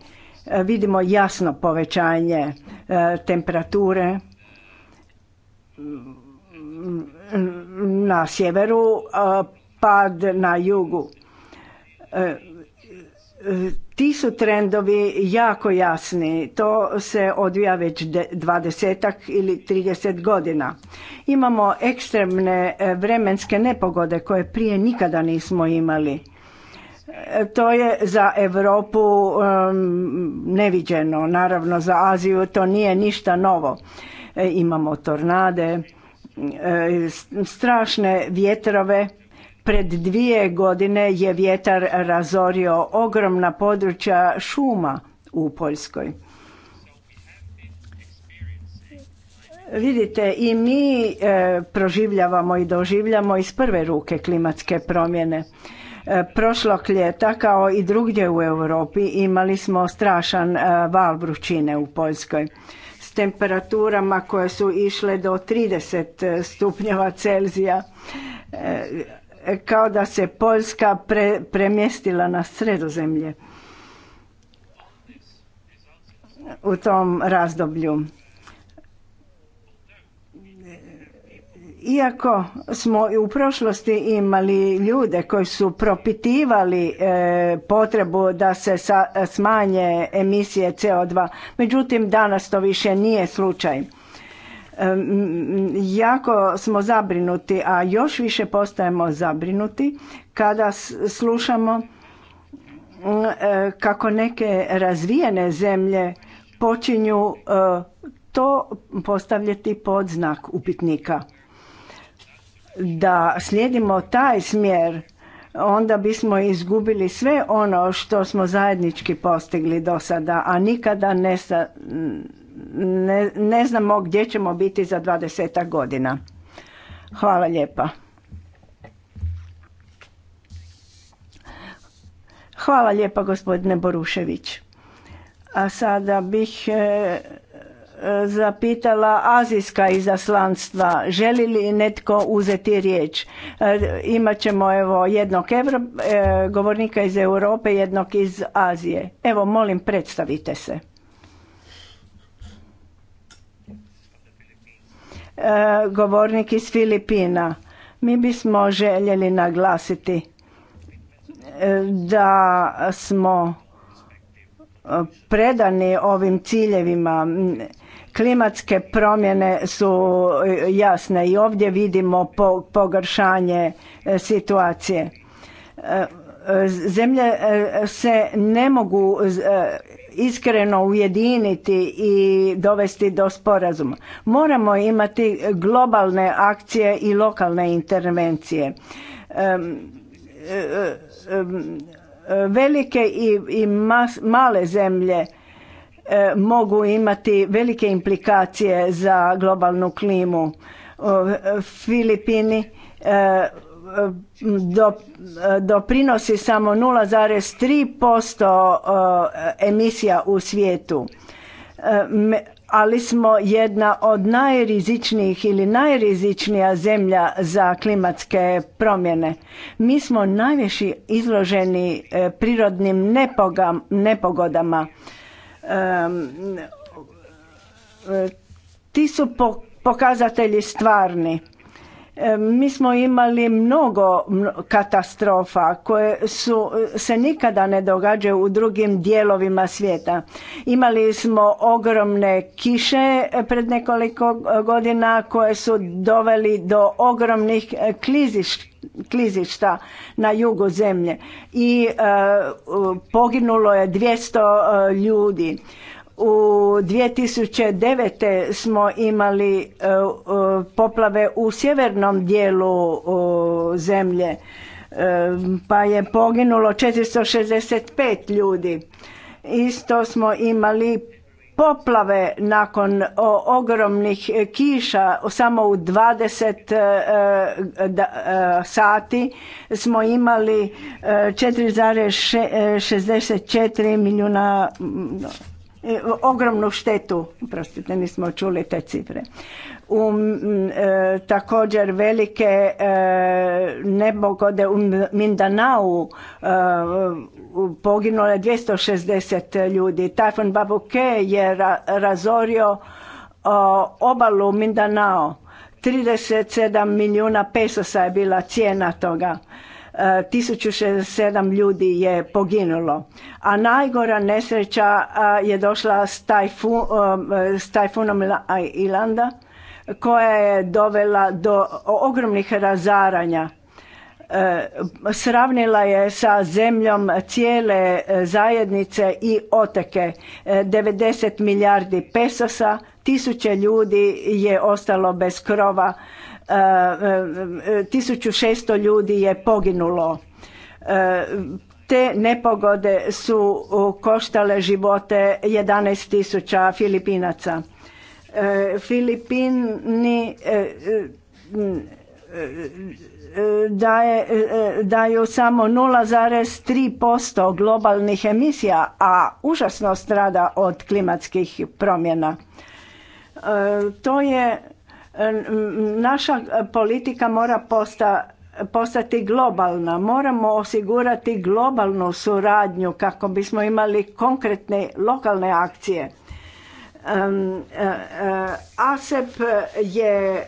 Vidimo jasno povećanje temperature na sjeveru, pad na jugu. E, e, ti su trendovi jako jasni. To se odvija već dvadesetak ili 30 godina. Imamo ekstremne e, vremenske nepogode koje prije nikada nismo imali. To je za Europu neviđeno, naravno za Aziju to nije ništa novo. Imamo tornade, strašne vjetrove Pred dvije godine je vjetar razorio ogromna područja šuma u Poljskoj. Vidite, i mi e, proživljavamo i doživljamo iz prve ruke klimatske promjene. E, prošlog ljeta, kao i drugdje u Europi, imali smo strašan e, val vrućine u Poljskoj s temperaturama koje su išle do 30 stupnjeva Celzija e, kao da se Poljska premjestila na sredozemlje u tom razdoblju. Iako smo u prošlosti imali ljude koji su propitivali e, potrebu da se smanje emisije CO2, međutim danas to više nije slučaj jako smo zabrinuti, a još više postajemo zabrinuti kada slušamo mm, e, kako neke razvijene zemlje počinju e, to postavljati pod znak upitnika. Da slijedimo taj smjer, onda bismo izgubili sve ono što smo zajednički postigli do sada, a nikada ne ne, ne znamo gdje ćemo biti za 20 godina. Hvala lijepa. Hvala lijepa gospodine Borušević. A sada bih e, e, zapitala azijska izaslanstva želi li netko uzeti riječ. E, imat ćemo evo jednog e, govornika iz Europe, jednog iz Azije. Evo molim predstavite se. E, govornik iz Filipina. Mi bismo željeli naglasiti e, da smo e, predani ovim ciljevima. Klimatske promjene su jasne i ovdje vidimo pogoršanje situacije. Zemlje se ne mogu iskreno ujediniti i dovesti do sporazuma. Moramo imati globalne akcije i lokalne intervencije. Velike i male zemlje e, mogu imati velike implikacije za globalnu klimu. Filipini e, do, doprinosi samo 0,3% eh, emisija u svijetu eh, ali smo jedna od najrizičnijih ili najrizičnija zemlja za klimatske promjene. Mi smo najviše izloženi eh, prirodnim nepogodama. Ti su pokazatelji stvarni mi smo imali mnogo katastrofa koje su, se nikada ne događaju u drugim dijelovima svijeta. Imali smo ogromne kiše e, pred nekoliko e, godina koje su doveli do ogromnih e, klizišta na jugu zemlje i poginulo je 200 ljudi u 2009. smo imali e, e, poplave u sjevernom dijelu e, zemlje pa je poginulo 465 ljudi. Isto smo imali poplave nakon ogromnih kiša samo u 20 sati smo imali 4,64 milijuna E, ogromnu štetu, prostite nismo čuli te cifre, u e, također velike e, nebogode u Mindanao e, poginulo je 260 ljudi. Tajfun Babuke je razorio obalu Mindanao. 37 milijuna pesosa je bila cijena toga. 1067 ljudi je poginulo. A najgora nesreća je došla s, um, s tajfunom Ilanda koja je dovela do ogromnih razaranja. E, sravnila je sa zemljom cijele e, zajednice i oteke. 90 e, milijardi pesosa, tisuće ljudi je ostalo bez krova 1600 ljudi je poginulo. E, te nepogode su koštale živote 11.000 Filipinaca. E, Filipini e, daje, daju samo 0,3% globalnih emisija, a užasno strada od klimatskih promjena. To je Naša politika mora postati globalna. Moramo osigurati globalnu suradnju kako bismo imali konkretne lokalne akcije. E, e, ASEP je e,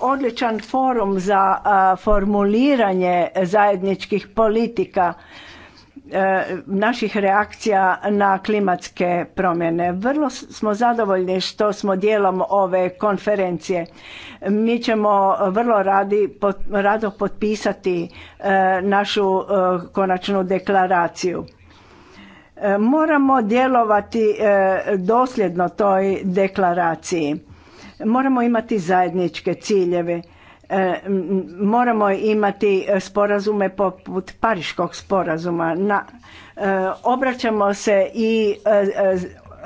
odličan forum za formuliranje zajedničkih politika E, naših reakcija na klimatske promjene. Vrlo smo zadovoljni što smo dijelom ove konferencije. Mi ćemo vrlo radi, rado potpisati e, našu e, konačnu deklaraciju. Moramo djelovati dosljedno toj deklaraciji. Moramo imati zajedničke ciljeve E, moramo imati sporazume poput Pariškog sporazuma. Na, e, obraćamo se i e,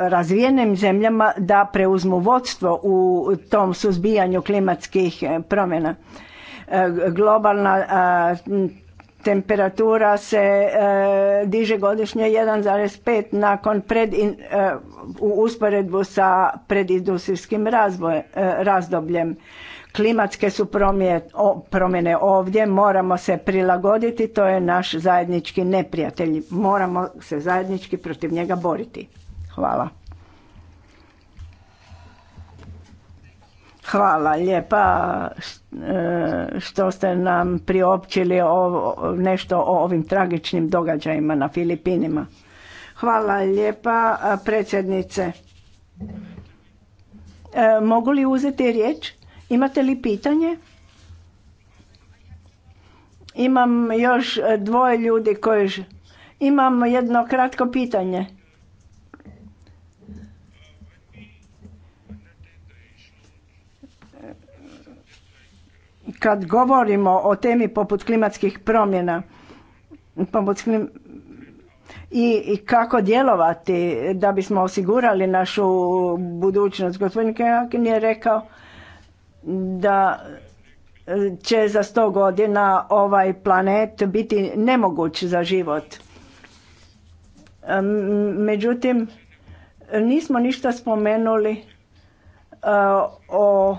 razvijenim zemljama da preuzmu vodstvo u tom suzbijanju klimatskih promjena. Globalna temperatura se diže godišnje 1,5 nakon pred, u usporedbu sa predindustrijskim razdobljem Klimatske su promjene ovdje, moramo se prilagoditi, to je naš zajednički neprijatelj. Moramo se zajednički protiv njega boriti. Hvala. Hvala lijepa eh, što ste nam priopćili nešto o ovim tragičnim događajima na Filipinima. Hvala lijepa eh, predsjednice. Eh, mogu li uzeti riječ? Imate li pitanje? Imam još e, dvoje ljudi koji... Imam jedno kratko pitanje. Kad govorimo o temi poput klimatskih promjena poput I, kako djelovati da bismo osigurali našu budućnost. Gospodin Kajakin je rekao da e, će za sto godina ovaj planet biti nemoguć za život. Međutim, nismo ništa spomenuli e, o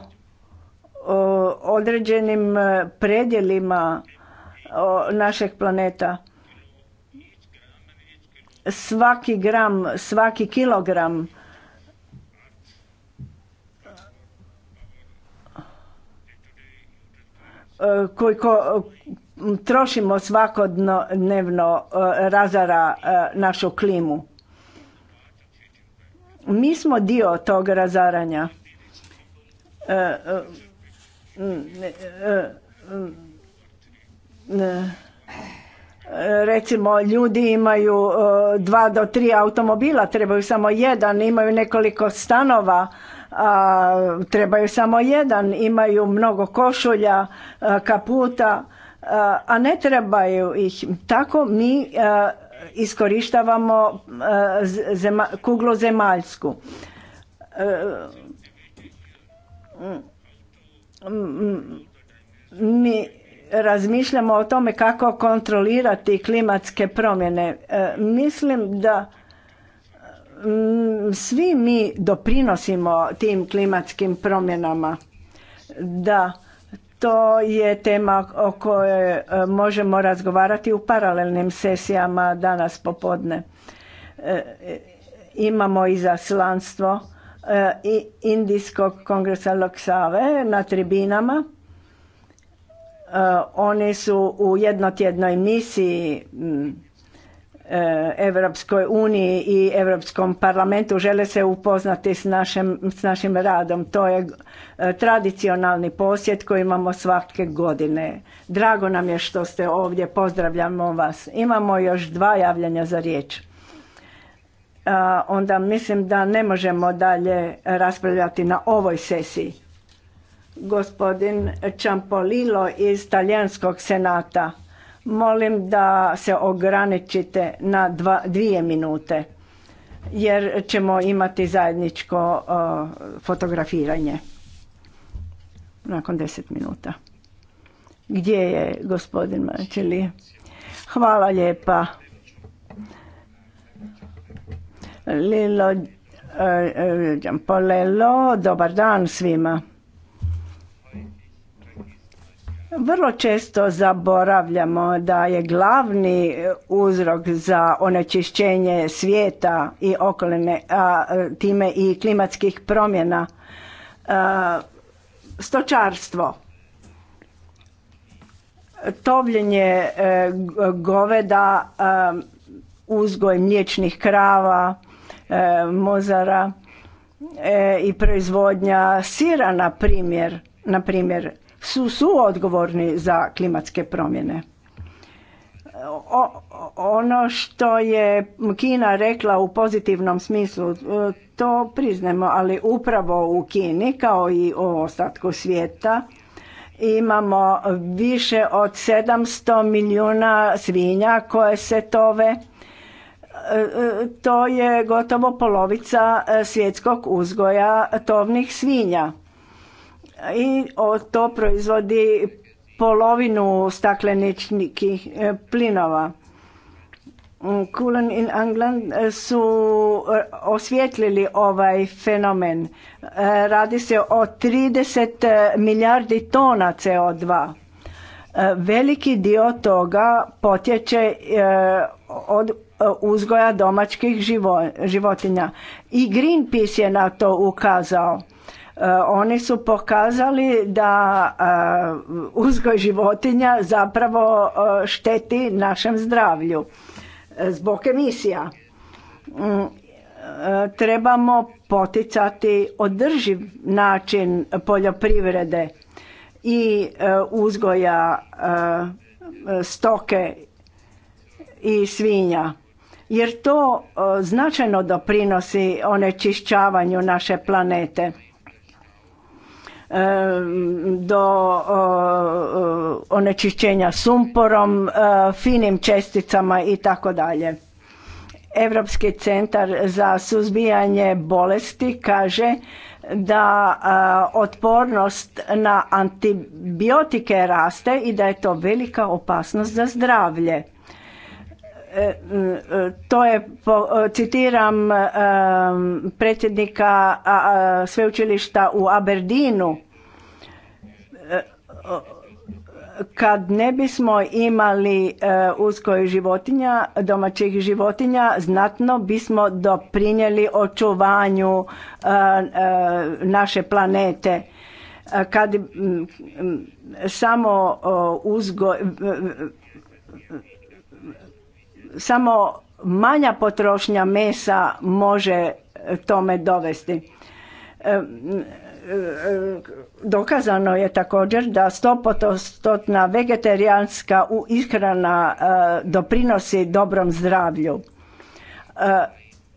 određenim e, predjelima našeg planeta. Svaki gram, svaki kilogram koji trošimo svakodnevno e, razara e, našu klimu. Mi smo dio tog razaranja. E, mm, mm, recimo, ljudi imaju dva do tri automobila, trebaju samo jedan, imaju nekoliko stanova, a, trebaju samo jedan, imaju mnogo košulja, kaputa, a, ne trebaju ih. Tako mi iskorištavamo kuglo kuglu zemaljsku. Mi razmišljamo o tome kako kontrolirati klimatske promjene. Mislim da Mm, svi mi doprinosimo tim klimatskim promjenama. Da, to je tema o kojoj e, možemo razgovarati u paralelnim sesijama danas popodne. E, imamo izaslanstvo e, i Indijskog kongresa Loksave na tribinama. Oni su u jednotjednoj misiji Europskoj eh, uniji i Europskom parlamentu žele se upoznati s, našim radom. To je eh, tradicionalni posjet koji imamo svake godine. Drago nam je što ste ovdje, pozdravljamo vas. Imamo još dva javljanja za riječ. Eh, onda mislim da ne možemo dalje raspravljati na ovoj sesiji. Gospodin Čampolilo iz Talijanskog senata Molim da se ograničite na dva, dvije minute jer ćemo imati zajedničko uh, fotografiranje nakon deset minuta. Gdje je gospodin Mačeli? Hvala lijepa. Lilo uh, uh, Polelo, dobar dan svima. Vrlo često zaboravljamo da je glavni e, uzrok za onečišćenje svijeta i okoline, a e, time i klimatskih promjena, e, stočarstvo, tovljenje goveda, uzgoj mliječnih krava, mozara i proizvodnja sira, na primjer, na primjer su suodgovorni za klimatske promjene. ono što je Kina rekla u pozitivnom smislu, e, to priznemo, ali upravo u Kini kao i u ostatku svijeta imamo više od 700 milijuna svinja koje se tove. E, to je gotovo polovica e, svjetskog uzgoja tovnih svinja i to proizvodi polovinu stakleničnih eh, plinova. Mm, kulen in England eh, su eh, osvijetlili ovaj fenomen. Radi se o 30 milijardi tona CO2. Veliki dio toga potječe od uzgoja domaćih životinja. I Greenpeace je na to ukazao Eh, oni su pokazali da eh, uzgoj životinja zapravo eh, šteti našem zdravlju zbog emisija. Mm, trebamo poticati održiv način poljoprivrede i uzgoja stoke i svinja jer to značajno doprinosi onečišćavanju naše planete do onečišćenja sumporom, e, finim česticama i tako dalje. Europski centar za suzbijanje bolesti kaže da e, otpornost na antibiotike raste i da je to velika opasnost za zdravlje to je, citiram eh, predsjednika sveučilišta u Aberdinu. Eh, kad ne bismo imali eh, uzgoj životinja, domaćih životinja, znatno bismo doprinijeli očuvanju naše planete. Kad mm, mm, samo uzgoj, samo manja potrošnja mesa može tome dovesti. E, e, dokazano je također da 100% vegetarijanska ishrana e, doprinosi dobrom zdravlju.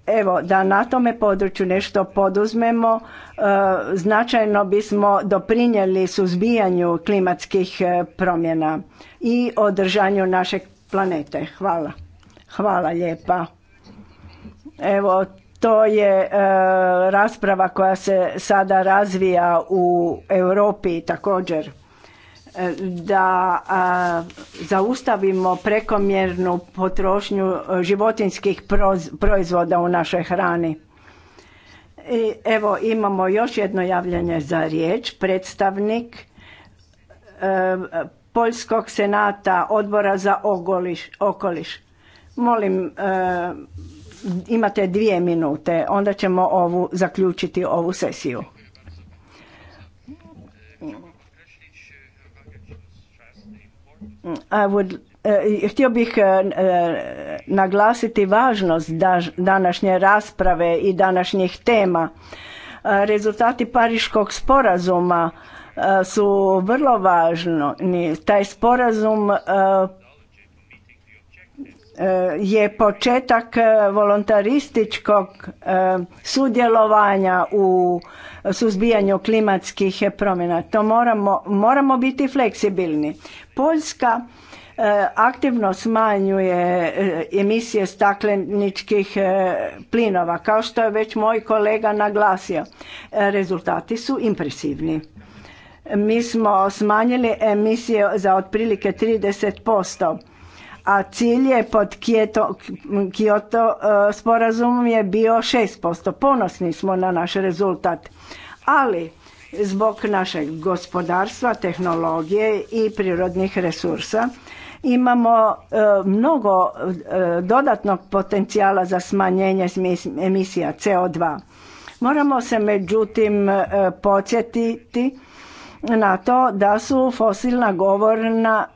Evo, da na tome području nešto poduzmemo, značajno bismo doprinijeli suzbijanju klimatskih promjena i održanju naše planete. Hvala. Hvala lijepa. Evo, to je e, rasprava koja se sada razvija u Europi također e, da zaustavimo prekomjernu potrošnju životinskih proizvoda u našoj hrani. I evo imamo još jedno javljanje za riječ. Predstavnik e, Poljskog senata odbora za ogoliš, okoliš. Molim, e, imate dvije minute, onda ćemo ovu zaključiti ovu sesiju. E, htio bih e, naglasiti važnost današnje rasprave i današnjih tema. rezultati Pariškog sporazuma su vrlo važni. Taj sporazum E, je početak e, volontarističkog e, sudjelovanja u suzbijanju klimatskih promjena. To moramo, moramo biti fleksibilni. Poljska aktivno smanjuje emisije stakleničkih plinova, kao što je već moj kolega naglasio. Rezultati su impresivni. Mi smo smanjili emisije za otprilike 30% a cilj je pod Kyoto e, sporazumom je bio 6%. Ponosni smo na naš rezultat. Ali zbog našeg gospodarstva, tehnologije i prirodnih resursa imamo e, mnogo e, dodatnog potencijala za smanjenje emisija CO2. Moramo se međutim e, podsjetiti na to da su fosilna govorna,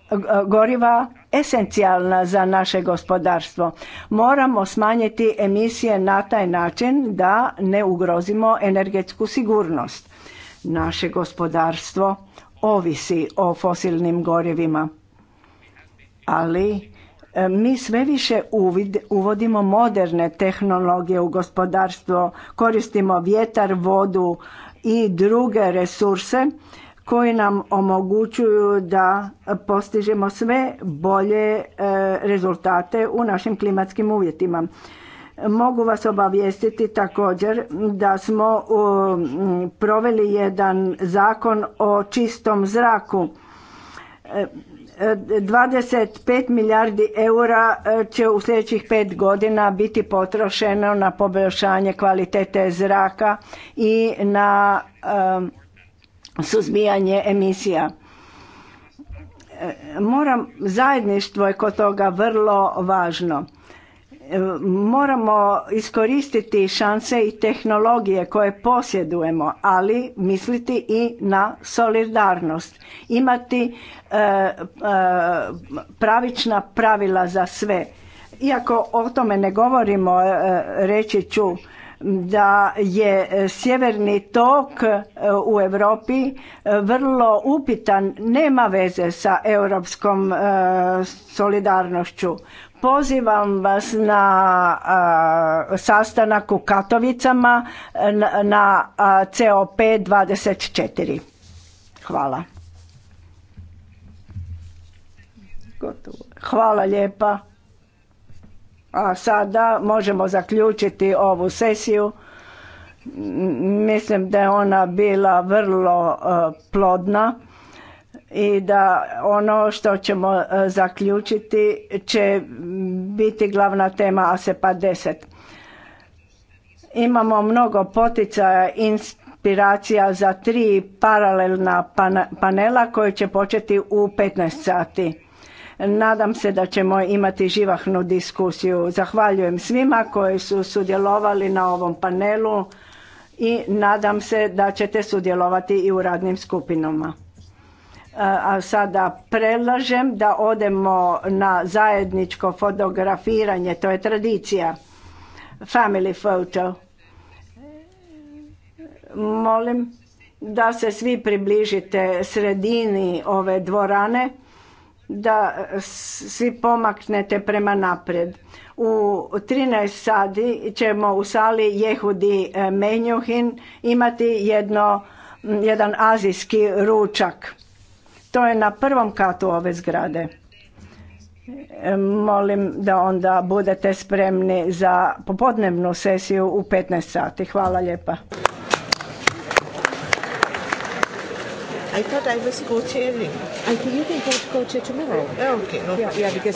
goriva esencijalna za naše gospodarstvo. Moramo smanjiti emisije na taj način da ne ugrozimo energetsku sigurnost. Naše gospodarstvo ovisi o fosilnim gorivima, ali e, mi sve više uvodimo moderne tehnologije u gospodarstvo, koristimo vjetar, vodu i druge resurse koji nam omogućuju da postižemo sve bolje e, rezultate u našim klimatskim uvjetima. Mogu vas obavijestiti također da smo proveli jedan zakon o čistom zraku. 25 e, milijardi eura e, će u sljedećih pet godina biti potrošeno na poboljšanje kvalitete zraka i na suzbijanje emisija. E, moram, zajedništvo je kod toga vrlo važno. E, moramo iskoristiti šanse i tehnologije koje posjedujemo, ali misliti i na solidarnost. Imati e, pravična pravila za sve. Iako o tome ne govorimo, e, reći ću da je e, sjeverni tok e, u Europi e, vrlo upitan, nema veze sa europskom solidarnošću. Pozivam vas na sastanak u Katovicama na COP24. Hvala. Hvala lijepa. A sada možemo zaključiti ovu sesiju. Mislim da je ona bila vrlo e, plodna i da ono što ćemo e, zaključiti će biti glavna tema ASEPA 10. Imamo mnogo poticaja, inspiracija za tri paralelna panela koje će početi u 15 sati. Nadam se da ćemo imati živahnu diskusiju. Zahvaljujem svima koji su sudjelovali na ovom panelu i nadam se da ćete sudjelovati i u radnim skupinama. E, a sada predlažem da odemo na zajedničko fotografiranje, to je tradicija. Family photo. Molim da se svi približite sredini ove dvorane da e, svi pomaknete prema naprijed. U 13 sati ćemo u sali Jehudi e, Menjuhin imati jedno, jedan azijski ručak. To je na prvom katu ove zgrade. E, molim da onda budete spremni za popodnevnu sesiju u 15 sati. Hvala lijepa. I thought I was co-chairing. I think you can co-chair tomorrow. Oh, okay, no yeah, Yeah, because